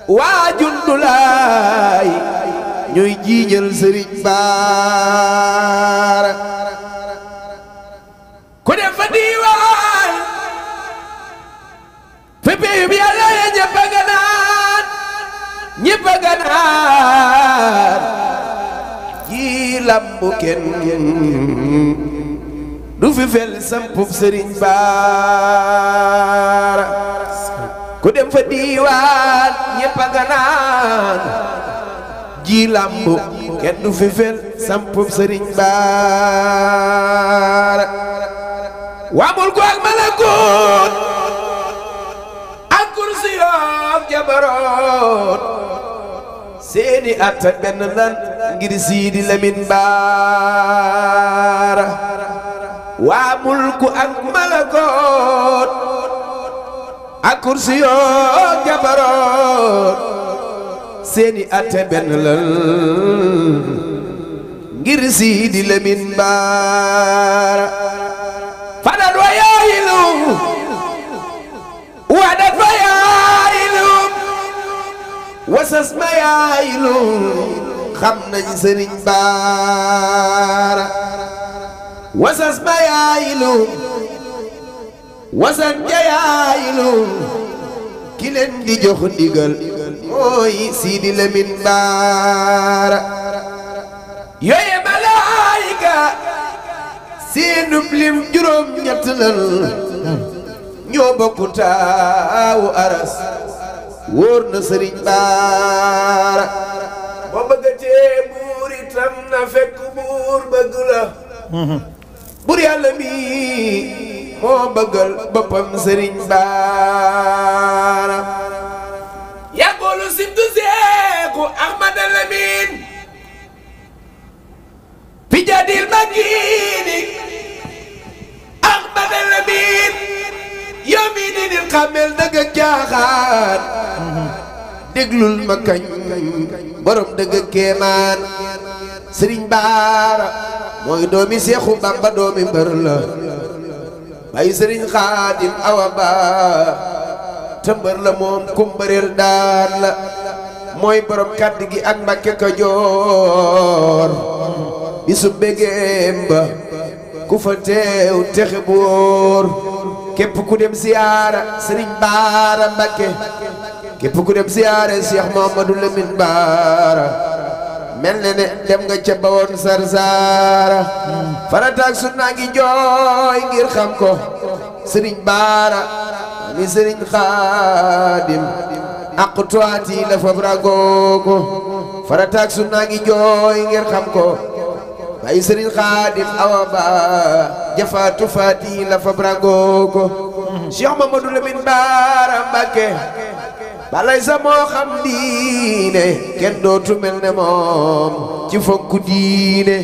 S5: wa jundulay ñuy jiijal sëriñ baara ku dem fa diiwaan fa péyub yàlla ya a ganaar ñëpp a ganaar ji lambu du fi fel sampub sëriñ baara ku dem fa diiwaan ñëpp a ganaan ji làmb kenn du fi fel sampub sëriñ baara waa mul ko ak malakoot ak kursi yoog seeni atta benn lan ngir siidi lamin baara waa mul ko ak malakoot ak kursi yoog seeni atte benn lan ngir siidi lamin baara fadat wa yaayilu wadat fa ma yaayilu xam nañ sëriñ baara wasas ma yaayilu ki leen di jox ndigal mooy Sidi Lamine Baara yooye malaayika seenub lim juróom ñett ñoo bokku taawu aras wóor na sëriñ Baara boo bëggatee buur itam na fekk buur bëgg la buur yàlla mi moo bëggal boppam sëriñ Baara يقول سبت زيكو أحمد الأمين في جد المكين أحمد الأمين يمين القمل دقا جاخان دقلو المكان borom dëgg kéemaan sëriñ baara mooy doomi seexu bamba doomi mbër la bay sëriñ xaadim awa ba sa mbër la moom kum bëreel daan la mooy borom gi ak Mbàkke Kajoor bisu bégeem ba ku teew texe bu wóor ku dem siyaara Sëriñ Baara Mbàkke képp ku dem siyaare Cheikh Mouhamadou Lamine Baara mel na ne dem nga ca bawoon sarsaara farataak sunna ngi jooy ngir xam ko Sëriñ li xaadim àqu tuwaati la fab ragoo ko farataak sunna ngi jooy ngir xam ko bay sëriñ xaadim awa ba jafaatu faati la fab ragoo ko Cheikh Mamadou Lamine Bara Mbacké balay sa xam diine kenn dootu mel ne moom ci fonku diine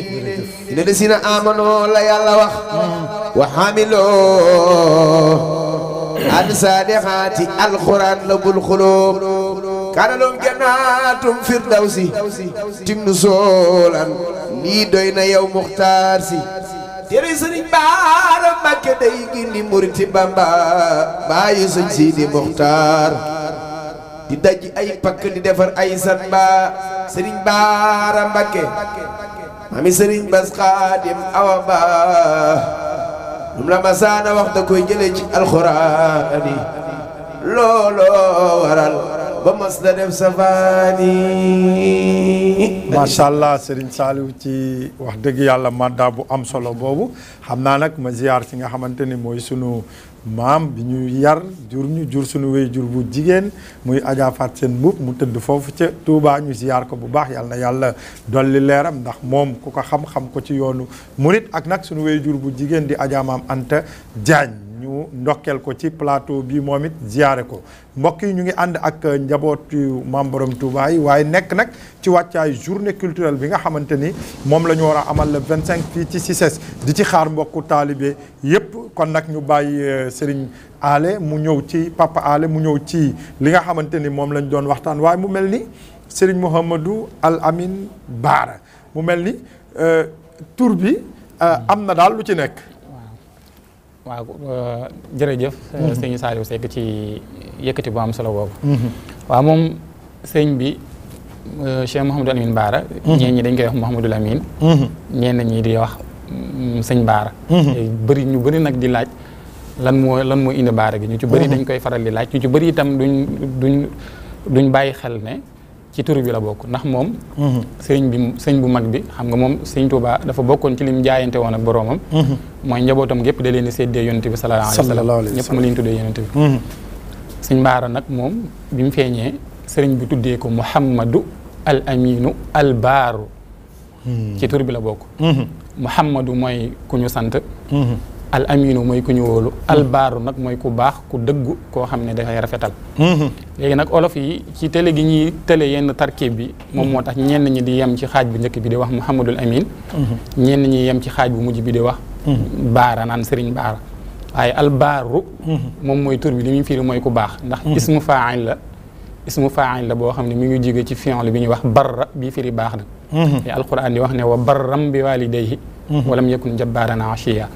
S5: dina desina amanoo la yàlla wax wa xamiloo an saalihaati alxuraan la bul xulóom kanalum jannaatum firdawsi tim nu soolan lii doy na yow muxtaar si tere sëriñ baara mbàkke day gindi muriti bamba baayu sëñ siidi muxtaar di daj ay pakk di defar ay san ba sëriñ baara mbàkke mami sëriñ bas xaadim awa ba lum la wax da koy jële ci alxuraani looloo waral ba mas
S1: safaani macha allah Serigne Saliou ci wax dëgg yàlla madda bu am solo boobu xam naa nag ma ziar si nga xamante ni mooy sunu maam bi ñuy yar jur ñu jur suñu wéy jur bu jigéen muy Adja Fatou Seen Mbuub mu tëdd foofu ca Touba ñu ziyaar ko bu baax yàlla na yàlla dolli leeram ndax moom ku ko xam-xam ko ci yoonu murit ak nag suñu wéy jur bu jigéen di Adja maam Anta Diagne ndokkeel ko ci plateau bi moom it ziyaare ko mbokk yi ñu ngi ànd ak njabootu Maam Borom waaye nekk nag ci wàccaay journée culturelle bi nga xamante ni moom la ñu war a amal le 25 fii ci CICES di ci xaar mbokku taalibe yépp kon nag ñu bàyyi euh, Serigne Ale mu ñëw ci Papa Ale mu ñëw ci li nga xamante ni moom lañ doon waxtaan waaye mu mel ni Serigne Mouhamadou Al Amin Baara mu mel ni euh, tur bi euh, am na daal lu ci nekk.
S4: waa euh, jërëjëf. Euh, mhm. sëñ Saliou Seck ci yëkkati bu am solo boobu. Mhm. waaw moom sëñ bi euh, Cheikh Mouhamadou Amine Baara. Mhm. ñeen ñi dañ koy wax Mouhamadou Lamine. ñeen ñi di wax mm, sëñ Baara. bëri ñu bari nag di laaj lan moo lan moo indi Baara gi ñu ci bëri dañ koy faral di laaj ñu ci bëri itam duñ duñ duñ bàyyi xel ne. ci tur bi la bokk ndax moom mhm. sëriñ bi sëriñ bu mag bi xam nga moom sëriñ Tuubaa dafa bokkoon ci lim jaayante woon ak boroomam mhm. mooy njabootam gépp da leen di seddee yonent bi sallallahu alayhi wa sallam ñëpp mu leen tuddee yonent bi mhm. sëriñ Baara nag moom bi mu feeñee sëriñ bi tuddee ko Muhammadu al Aminu al Baaru ci tur bi la bokk Muhammadu mooy ku sant al aminu mooy ku ñu wóolu al baaru nag mooy ku baax ku dëggu koo xam ne dafay rafetal mm-hmm. léegi nag olof yi ci télé gi ñuy télé yenn tarkib bi moom moo tax ñenn ñi di yem ci xaaj bu njëkk bi di wax muhammadul amin mm-hmm. ñenn ñi yem ci xaaj bu mujj bi di wax mm-hmm. baara naan sëriñ baara waaye al baaru moom mooy tur bi li muy firi mooy ku baax ndax ismu faail la ismu faail la boo xam ne mu ngi jóge ci fi'l bi ñuy wax barra bii firi baax nag te alquran di wax ne wa barram bi walidayhi walam yakun jabbaaran ashiya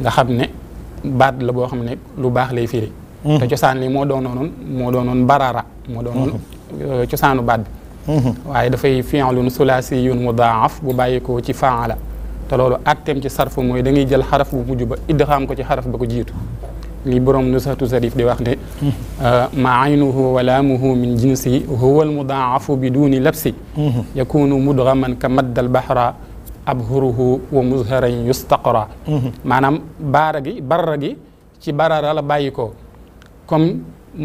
S4: nga xam ne baat la boo xam ne lu baax lay firi. te cosaan li moo doonoon moo doonoon baraara. moo doonoon cosaanu baat bi. waaye dafay fi'lun sulaasiyun mudaaf bu bàyyi ko ci faala te loolu atteem ci sarfu mooy da ngay jël xaraf bu mujj ba idxaam ko ci xaraf ba ko jiitu li borom nusatu sarif di wax ne ma aynuhu wa laamuhu min jinsi huwa almudaafu bi duuni labsi yakunu mudgaman ka maddal bahra abhuruhu wa muzharan yustaqra mhm. maanaam baara gi barra gi ci barara la bàyyi ko comme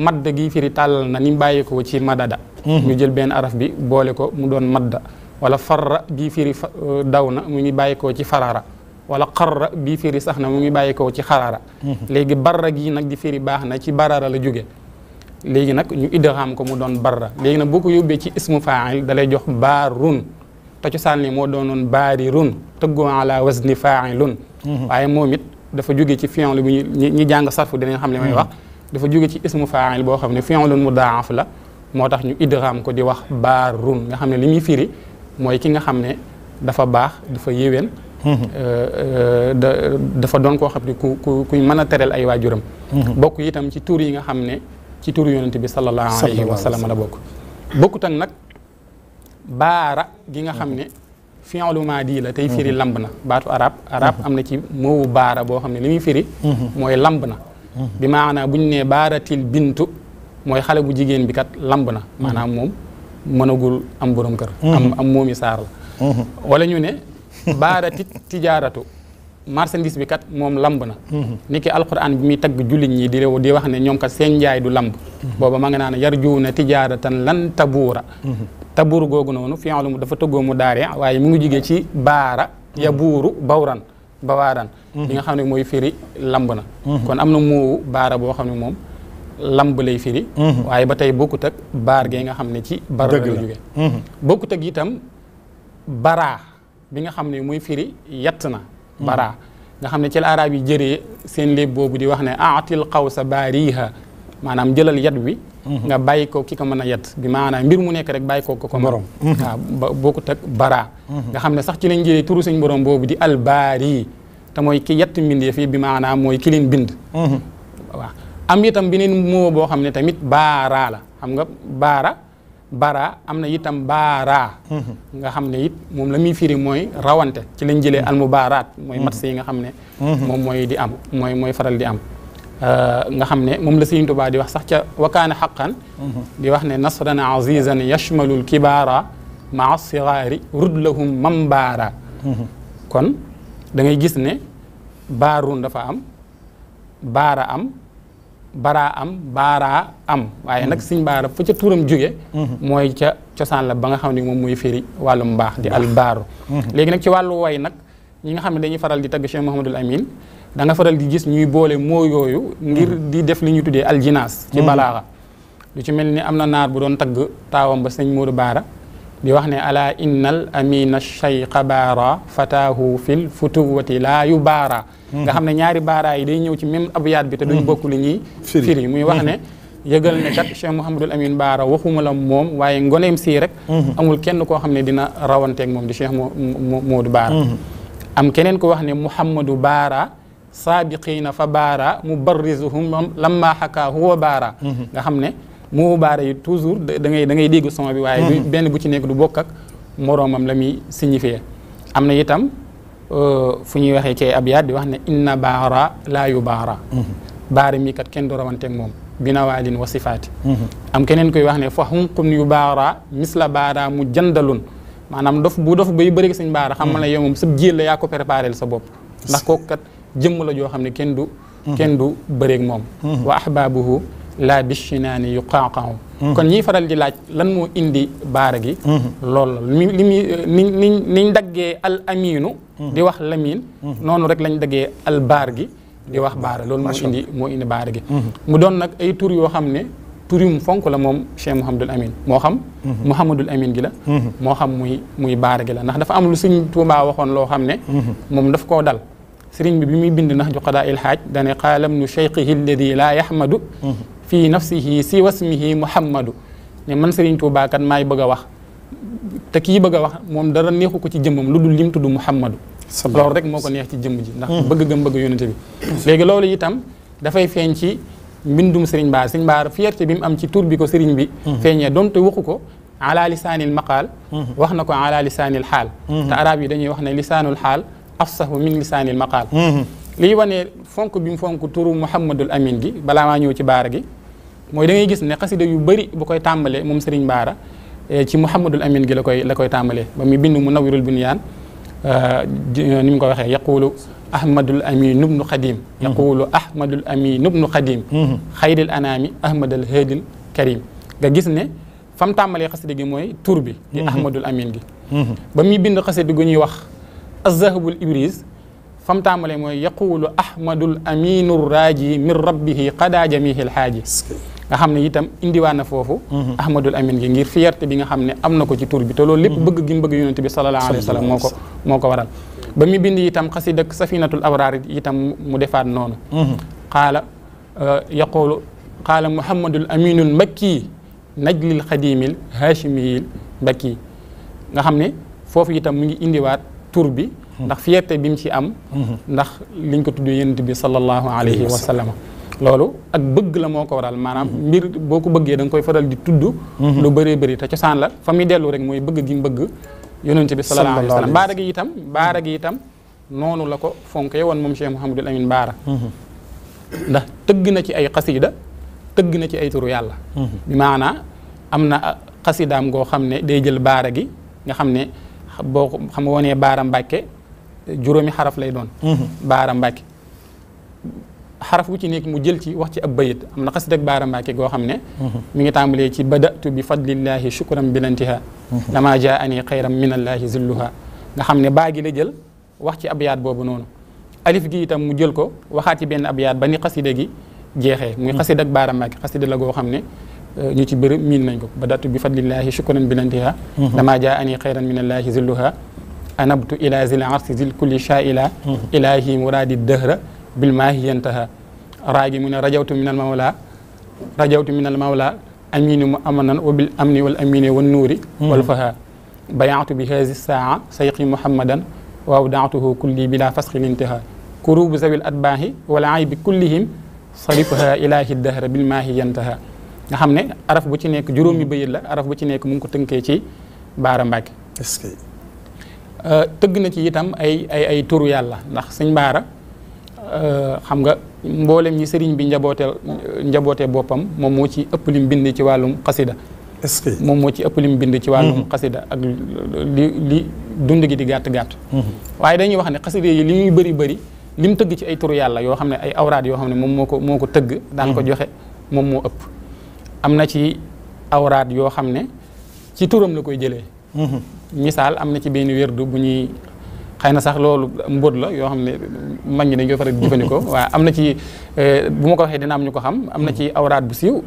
S4: madd gi firi tàllal na ni mu ci madada mhm. ñu jël benn araf bi boole ko mu doon madda wala farra bii firi euh, daw na mu ngi bàyyi ci farara wala xarra bii firi sax na mu ngi bàyyi ko ci xarara mhm. léegi barra gi nag di firi baax na ci barara la jóge léegi nag ñu idgham ko mu doon barra léegi nag boo ko yóbbee ci ismu faa'il dalay jox baarun te cosaan li moo doonoon baarirun tëggu ala wasni faailun waaye moom it dafa jóge ci fi'l bi ñu ñi jàng sarfu dinañ xam li may wax dafa jóge ci ismu faail boo xam ne fi'lun mudaaf la moo tax ñu idgham ko nga xam ne firi mooy ki nga xam ne dafa baax dafa yéwén da dafa doon koo xam ne ku ku kuy mën ay waajuram bokk itam ci tur yi nga xam ci tur yonent bi sallallahu alayhi wa sallam la bokk bokkut ak nag baara gi nga xam ne fi'lu maadi la tey mhm. firi lamb na baatu arab arab mhm. am na ci moowu baara boo xam ne li muy firi mhm. mooy lamb na bi maanaam bu ñu nee baaratil bintu mooy xale bu jigéen bi kat lamb na maanaam moom mënagul am borom kër am am ñu ne baaratit [LAUGHS] tijaaratu bi kat moom lamb na niki muy tagg jullit ñi di wax ne ñoom kat seen njaay du lamb booba ma nga naan yarjuuna tijaaratan lan tabuura tabuuru googu noonu fi mu dafa tëggoo mu daare waaye mu ngi jugee ci baara ya buuru bawran bawaaran mhm. li nga xam ne mooy firi lamb na mhm. kon am na mu baara boo xam ne moom lamb lay firi mhm. waaye ba tey bokkut ak nga xam ne ci bara la itam baraa bi nga xam ne mooy firi yatt na baraa nga xam ne ci la yi jëree seen léeb boobu di wax ne aatil xaw sa baariha maanaam jëlal yat wi mhm. nga bàyyi ko ki ko mën a yat bi maanaam mbir mu nekk rek bàyyi ko ko ko morom mhm. waaw boo ko teg bara
S6: mhm. nga xam ne sax
S4: ci lañ jëlee turu suñ borom boobu di albaari te mooy ki yett mbindee fii bi maanaam mooy ki bind
S6: waaw
S4: am itam beneen moo boo xam ne tamit baaraa la xam nga baara bara am na itam baara nga xam ne it moom la muy firi mooy rawante ci lañ jëlee almubaaraat mooy match yi nga xam ne moom mooy di am mooy mooy faral di am Euh, nga xam ne moom la Sëriñ Tuubaa di wax sax ca wakaana xaqan mhm. di wax ne nasran azizan yashmalul kibaara maa sigaari rudlahum baara mhm. kon dangay gis ne baarun dafa am baara am baraa am baaraa am waaye nag mhm. siñ baara fa ca turam jóge mooy ca cosaan la ba nga xam ne moom mooy firi wàllu baax di albaaru léegi nak ci wàllu way nag ñi nga xam ne dañuy faral di tagg Cheikh Mouhamadul Amin danga nga faral di gis ñuy boole moo yooyu. ngir hmm. di def li ñuy tuddee aljinaas. ci hmm. balaaxa lu ci mel ni am na naar bu doon tagg taawam ba sëñ Modou Baara di wax ne ala innal amina shayqa baara fataahu fil futuwati laa yu baara hmm. nga xam ne ñaari baara yi day ñëw ci même abyaat bi te duñ bokk li ñuy firi muy wax ne yëgal ne kat Cheikh Mouhamadul Amin Baara waxuma la moom waaye ngoneem sii rek amul kenn koo xam ne dina rawanteeg moom di Cheikh Modou Baara am keneen ko wax ne Mouhamadou Baara saabiqiina fa baara mu barrisuhum lamma xakaa huwa baara mhm. nga xam ne mu baara yu toujours da ngay da ngay dégg son bi waaye mhm. benn bu ci nekk du bokk ak moroomam la muy signifié am na itam euh, fu ñuy waxee ci abyaat di wax ne inna baara laa yu baara mhm. baara mii kat kenn du rawanteeg moom binawaalin wa sifaati am keneen koy wax ne fa xunqun yu baara misla baara mu jandalun maanaam dof bu dof bay bëri sëñ baara xam na yow moom sab jiil la ko préparé sa bopp jëmm la joo xam ne kenn du kenn du bëreeg moom wa ahbaabuhu laa bishinaani yu qaaxaaw kon ñiy faral di laaj lan moo indi baara gi loolu la li muy ni niñ niñ daggee al aminu di wax lamin noonu rek lañ daggee al baar gi di wax baara loolu moo indi moo indi baara gi mu doon nag ay tur yoo xam ne turum fonk la moom Cheikh Mouhamadul Amin moo xam Mouhamadul Amin gi la moo xam muy muy baara gi la ndax dafa am lu Sëñ Tuubaa waxoon loo xam ne moom daf koo dal سرين بمي بند نهج قضاء الحاج دان قال ابن شيخه الذي لا يحمد في نفسه سوى اسمه محمد من سرين توبا كان ماي بغا واخ تكي بغا واخ موم دارا نيخو كو تي جيمم لودو لم تودو محمد
S1: لول رك موكو نيه
S4: تي جيم جي نده بغا گم بغا يونت بي لغي لول يتام دا فاي فين تي بندوم سرين با سرين با فيرت بيم ام تي تور بي كو سرين بي فيني دوم تو وخوكو على لسان المقال واخنا كو على لسان الحال تعرابي دا أفسه من لسان المقال لي واني فونك بيم فونك تورو محمد الأمين دي بلا ما نيو تي بارغي موي داغي غيس ني قصيده يو بري بوكاي تامالي موم سيرين بارا تي محمد الأمين دي لاكاي لاكاي تامالي بامي بيند مو نوير البنيان آه نيم كو واخا يقول أحمد الأمين بن قديم يقول أحمد الأمين بن قديم خير الأنام أحمد الهادي الكريم غا غيس ني فام قصيده موي تور بي الأمين دي بامي بيند قصيده غني واخ الذهب الإبريز فم تعمل يقول أحمد الأمين الراجي من ربه قد أجمعه الحاج أهمنا يتم إن ديوان فوفو أحمد الأمين جنير في يرتبين أهمنا أمنا كجي تور بتولو لب بق جيم بق يونت بصلى الله عليه وسلم موكو موكو ورال بمي بند يتم قصيدة سفينة الأبرار يتم مدفار نون قال يقول قال محمد الأمين المكي نجل القديم الهاشمي المكي نعم فوف يتم مي إن tur bi hmm. ndax fierté bi mu ci am hmm. ndax liñ ko tudd yonent bi sallallahu alayhi wa sallam loolu ak bëgg la moo ko waral maanaam hmm. mbir boo ko bëggee da koy faral di tudd lu bëree bëri te cosaan la fa muy dellu rek mooy bëgg gi mu bëgg yonent bi sallallahu alayhi wa sallam baara gi itam baara gi itam noonu la ko fonkee woon moom Cheikh Mouhamadul Amin Baara ndax tëgg na ci ay xasiida tëgg na ci ay turu yàlla bi maanaa am na xasidaam goo xam ne day jël baara gi nga xam ne boo xam nga wonee baara mbàkke juróomi xaraf lay doon mhm. baara mbàkke xaraf bu ci nekk mu jël ci wax ci ab bayit am na xasida baara mbàkke goo xam ne mhm. mi ngi tàmbalee ci badatu bi fadlillahi shukran bilantiha mhm. lama jaa ani xayram minallahi zilluha nga xam ne baa gi la jël wax ci ab yaat boobu noonu alif gi itam mu jël ko waxaat ci benn ab yaat ba ni xasida gi jeexee muy xasida ak baara mbàkke xasida la goo xam ne ñu ci bëri miin nañ ko badatu bi fadlillahi shukran bi nantiha dama jaa ani xayran min allahi zilluha anabtu ila zil arsi zil kulli sha'ila ilahi muradi dëhra bil maahi yantaha raagi mu ne rajawtu min al mawla rajawtu min al mawla aminu mu amanan wa bil amni wal amini wan nuuri wal faha bayaatu bi hazi saa sayqi muhammadan wa awdaatuhu kulli bila fasqi lintiha kurubu zawil atbaahi wal aybi kullihim صرفها إلهي الدهر بالماهي ينتهى nga xam ne araf bu ci nekk juróomi bayit la araf bu ci nekk mu ngi ko tënkee ci Baara Mbàkke est euh, tëgg na ci itam ay ay ay turu yàlla ndax sëñ Baara euh, xam nga mboolem ñi sëriñ bi njaboote njabootee boppam moom moo ci ëpp lim bind ci wàllum xasida moom moo ci ëpp lim bind ci wàllum mhm. xasida ak li li gi di gàtt gàtt mhm. waaye ci ay turu yoo xam ne ay awraat yoo xam ne moom moo ko moo ko tëgg daan ko mhm. joxe moom moo ëpp am na ci awraat yoo xam ne ci turam la koy jëlee mhm. misaal am na ci benn wérdu bu ñuy xëy na sax loolu mbóot la yoo xam ne mag nañ dañ koy faral jëfandikoo [LAUGHS] waa am na ci euh, bu ma ko waxee dina am ñu ko xam am na ci mhm. awraat bu siiw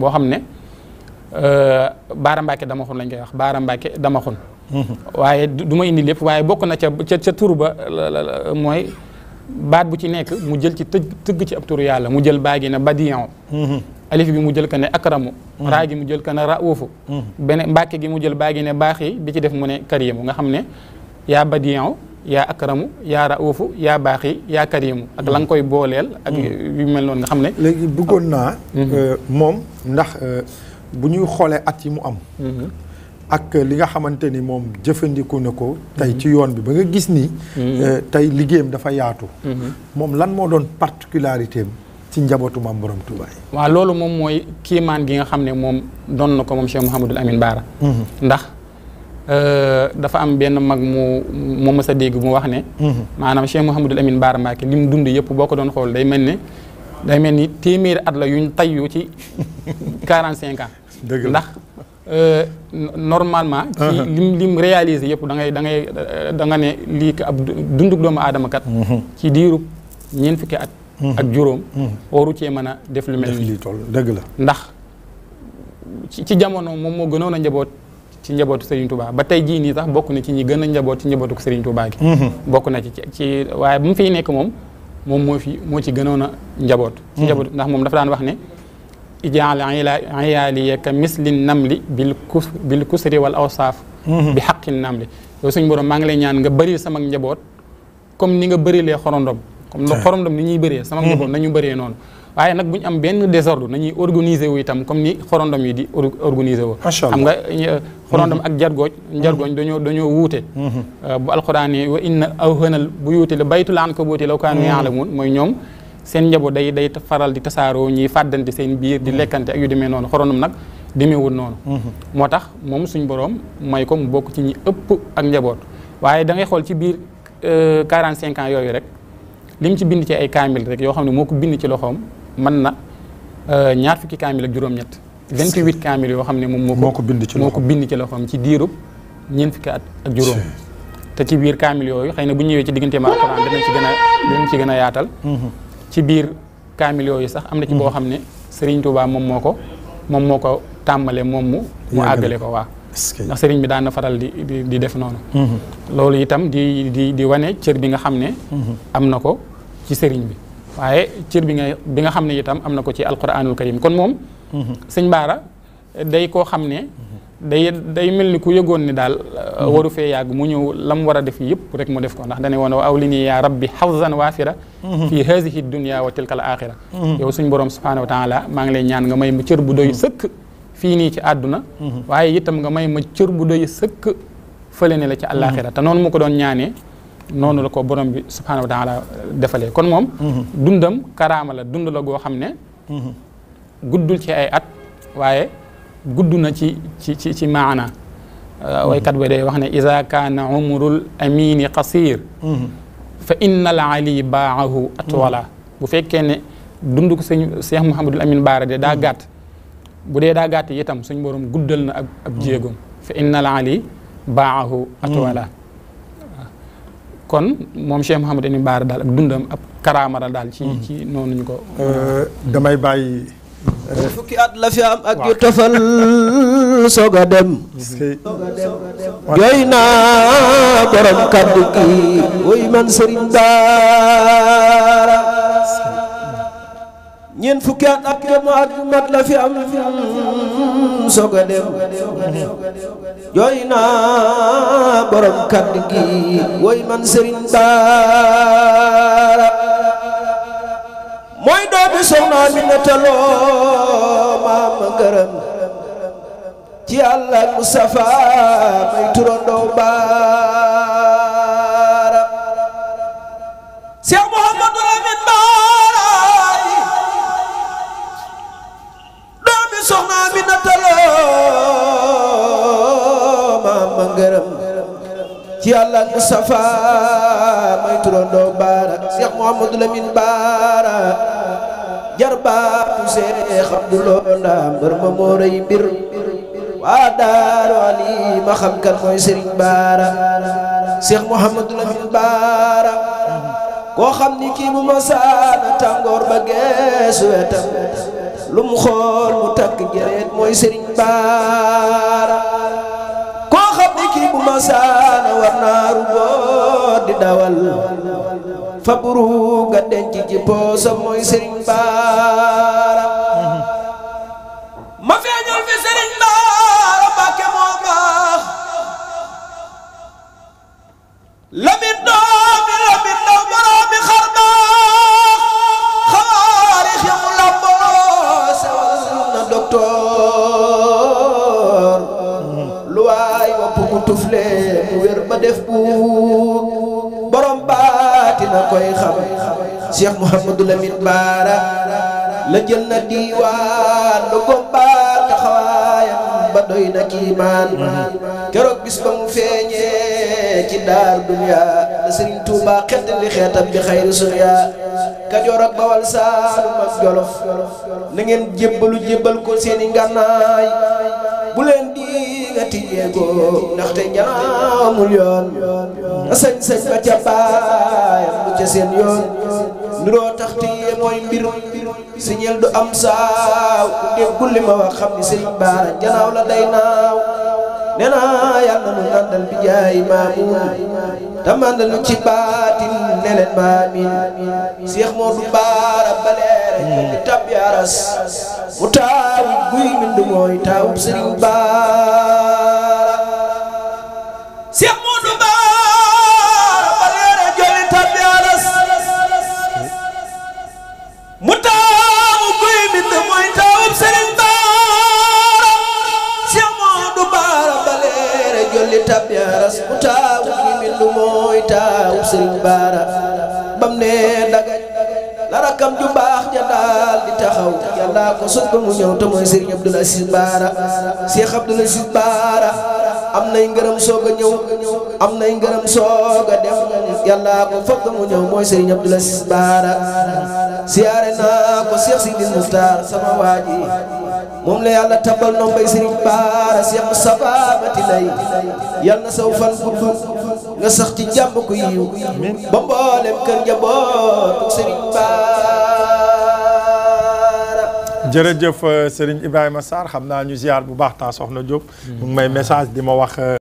S4: boo xam ne euh, baara mbàkke dama xun lañ koy wax baara mbàkke dama xun mhm. waaye du ma indi lépp waaye bokk na ca ca tur ba mooy baat bu ci nekk mu jël ci tëgg ci ab tur yàlla mu jël baagi na badiyon alif bi mu jël ko ne akramu mm-hmm. raa ji mu jël ko ne raufu mm-hmm. beneen mbàkke gi mu jël baa gi ne baax yi bi ci def mu ne karimu nga xam ne yaa badiyan yaa akramu yaa raufu yaa baax yi yaa karimu ak la nga mm-hmm. koy booleel ak yu mel noonu nga xam
S1: ne léegi bëggoon naa euh, ndax euh, bu ñuy xoolee at yi mu am ak li nga xamante ni moom jëfandiku na ko tey ci yoon bi ba nga gis ni euh, tey liggéeyam dafa yaatu moom lan moo doon particularité am ci njabootu maam borom Touba yi.
S4: waaw loolu moom mooy maan gi nga xam ne moom doon na ko moom Cheikh Mouhamadul Amin Baara. Mm-hmm. ndax euh, dafa am benn mag mu mu mës dégg mu wax ne. Mm-hmm. maanaam Cheikh Mouhamadul Amin Baara Mbacke li mu dund yëpp boo ko doon xool day mel ne day mel ni téeméeri at la yuñ tayyu ci [LAUGHS] quarante cinq ans. ndax euh, normalement. ci uh-huh. lim lim réalisé yëpp da ngay da ngay da nga ne lii ab dundug doomu aadama kat. Mm-hmm. ci diirub ñeent fukki at. ak mhm. juróom. Mhm. waru cee mën a def lu mel
S1: dëgg la ndax
S4: ci jamono moom moo gënoon a njaboot ci njabootu Serigne Touba ba tey jii nii sax bokk na ci ñi gën a njaboot ci njabootu Serigne mhm. bokk na ci ci waaye bu mu nekk moom moom moo fi moo ci gënoon a njaboot. ci ndax moom dafa daan wax ne. ijaal iyaaliya ka misli namli bil kus bil kusri wal awsaaf bi xaqi namli yow suñ borom maa ngi lay ñaan nga bëri sama njaboot comme ni nga bërilee xorondom comme ndox xorom dem ni ñuy bëree sama njaboot hmm. nañu bëree noonu waaye nag bu ñu am benn désordre nañuy organiser wu itam comme ni xorondom yi di organiser wu xam nga xorondom ak jargooj hmm. jargooñ hmm. dañoo dañoo wuute
S6: euh,
S4: bu alxuraan yi wa inna awhanal buyuuti la baytul ankabuuti law kaanu yaalamuun mooy ñoom seen njaboot day day faral di tasaaroo ñuy fàddante seen biir di lekkante ak yu demee noonu xorondom nag demeewul noonu moo tax moom suñ boroom may ko mu bokk ci ñi ëpp ak njaboot waaye da xool ci biir euh, quarante cinq ans yooyu rek li mu ci bind ci ay kaamil rek yoo xam ne moo ko bind ci loxoom mën na euh, ñaar fukki kaamil ak juróom-ñett. 28 kaamil yoo xam ne moom moo ko bind ci loxoom moo ko bind ci loxoom ci diirub ñeent fukki at ak juróom. te ci biir kaamil yooyu xëy na bu ñëwee ci diggante ma alxuraan danañ ci gën a danañ ci gën a yaatal. Mm-hmm. ci biir kaamil yooyu sax am na ci boo mm-hmm. xam ne Serigne Touba moom moo ko moom moo ko tàmbale moom mu. mu àggale ko waa ndax sëriñ bi daan na faral di di def noonu mhm. loolu itam di di di wane cër bi nga xam ne mhm. am na ko ci sëriñ bi waaye cër bi nga bi nga xam ne itam am na ko ci alquranul karim kon moom mhm. sëñ baara day koo xam ne day day mel ni ku yëgoon ni daal waru fee yàgg mu ñëw lam war a def yëpp rek mu def ko ndax dane woon wa aw li nii yaa rabbi xafzan waafira fii hazihi dunia a tilka al axira yow suñ borom subhanahu wa taala maa ngi ñaan nga may mu cër bu doy sëkk fini ci aduna waye itam nga may ma cieur bu doy seuk fële ne la ci alakhirah ta non moko don doon ñaanee noonu la ko borom bi subhanahu wa taala defale kon mom dundam karama la dund la go xamne guddul ci ay at waye gudd ci ci ci maana way kat way day wax ne iza kana umrul amin qasir fa innal ali baahu atwala bu fekke ne dundu ko seigne Cheikh Mouhamadul Amin Baara de daa gàtt bu dee daa gàtt itam suñ borom guddal na ab ab jéegoom fa innal ali baahu atwala mm. kon moom Cheikh Mouhamadou ni Baara daal ak dundam ab karaama daal mm. ci noonu ñu ko euh, damay bàyyi euh, fukki
S3: at la fi am ak yu dem jooy naa borom woy man sëriñ ñeent fukki at ak mu at mat fi am soog a dem borom kàddu gi woy Baara mooy doomi soxna mi na taloo maama ngërëm ci Yàlla ak Mustafa may turandoo Baara soxna mi na taloo maama ngërëm ci yàlla ak safa may turandoo baara Cheikh Mouhamadou Lamine baara jarbaatu Cheikh Abdoulou Ndaa mbër ma moo rëy mbir waa daaru ali ma xam kan mooy Serigne baara Cheikh Mouhamadou Lamine baara koo xam ni bu ma saana tàngoor ba geesu wetam lu mu xool mu takk njareet mooy sëriñ baara koo xam ne kii bu ma war naaru boor di dawal faburu nga denc ci poosam mooy sëriñ baara ma feeñal fi sëriñ baara mbàkke moo baax ko def buur borom na koy xam Cheikh mohammed lamin Bara la jël na diiwaan do ko ba taxawaayam ba doy na man keroog bis ba mu feeñee ci dar dunya Serigne Touba xet li xetam bi xayri surya ka ak Bawal lu mas Jolof na ngeen jébbalu jébbal ko seni ngannaay bu len ñetti jéego ndaxte ñaamul yoon sañ-sañ ba ca baayam lu ca seen yoon nuroo tax te mooy mbir si ñel du am saaw déggu li ma wax xam ni sëriñ baara janaaw la day naaw nee naa yàlla nu nandal bi jaay maamu te mandal nu ci baatin ne leen maamin Seex Moodu Baara baleere di tab yaras mu taawu guy mindu mooy taawub Sëriñ di tab yaras bu taaw gi bindu mooy taaw Sëriñ Baara bam ne dagaj la rakam ju baax ja daal di taxaw yàlla ko sut ba mu ñëw te mooy Sëriñ Abdul Aziz Baara Cheikh Abdul Aziz Baara am nay ngërëm soog a ñëw am nay ngërëm soog a dem yàlla ko foog mu ñëw mooy Serigne Abdoul Aziz Bara siyaare naa ko Cheikh Sidil Muxtaar sama waa moom la yàlla tabal noom bay sëriñ baara seex sabaabati lay yal na saw fan gudd nga sax ci jàmm ko yiw ba mboolem kër njabootu baara
S1: jërëjëf sëriñ Ibrahima Sarr xam naa ñu ziar bu baax taa soxna Diop hmm. mu ngi may message di ma wax euh,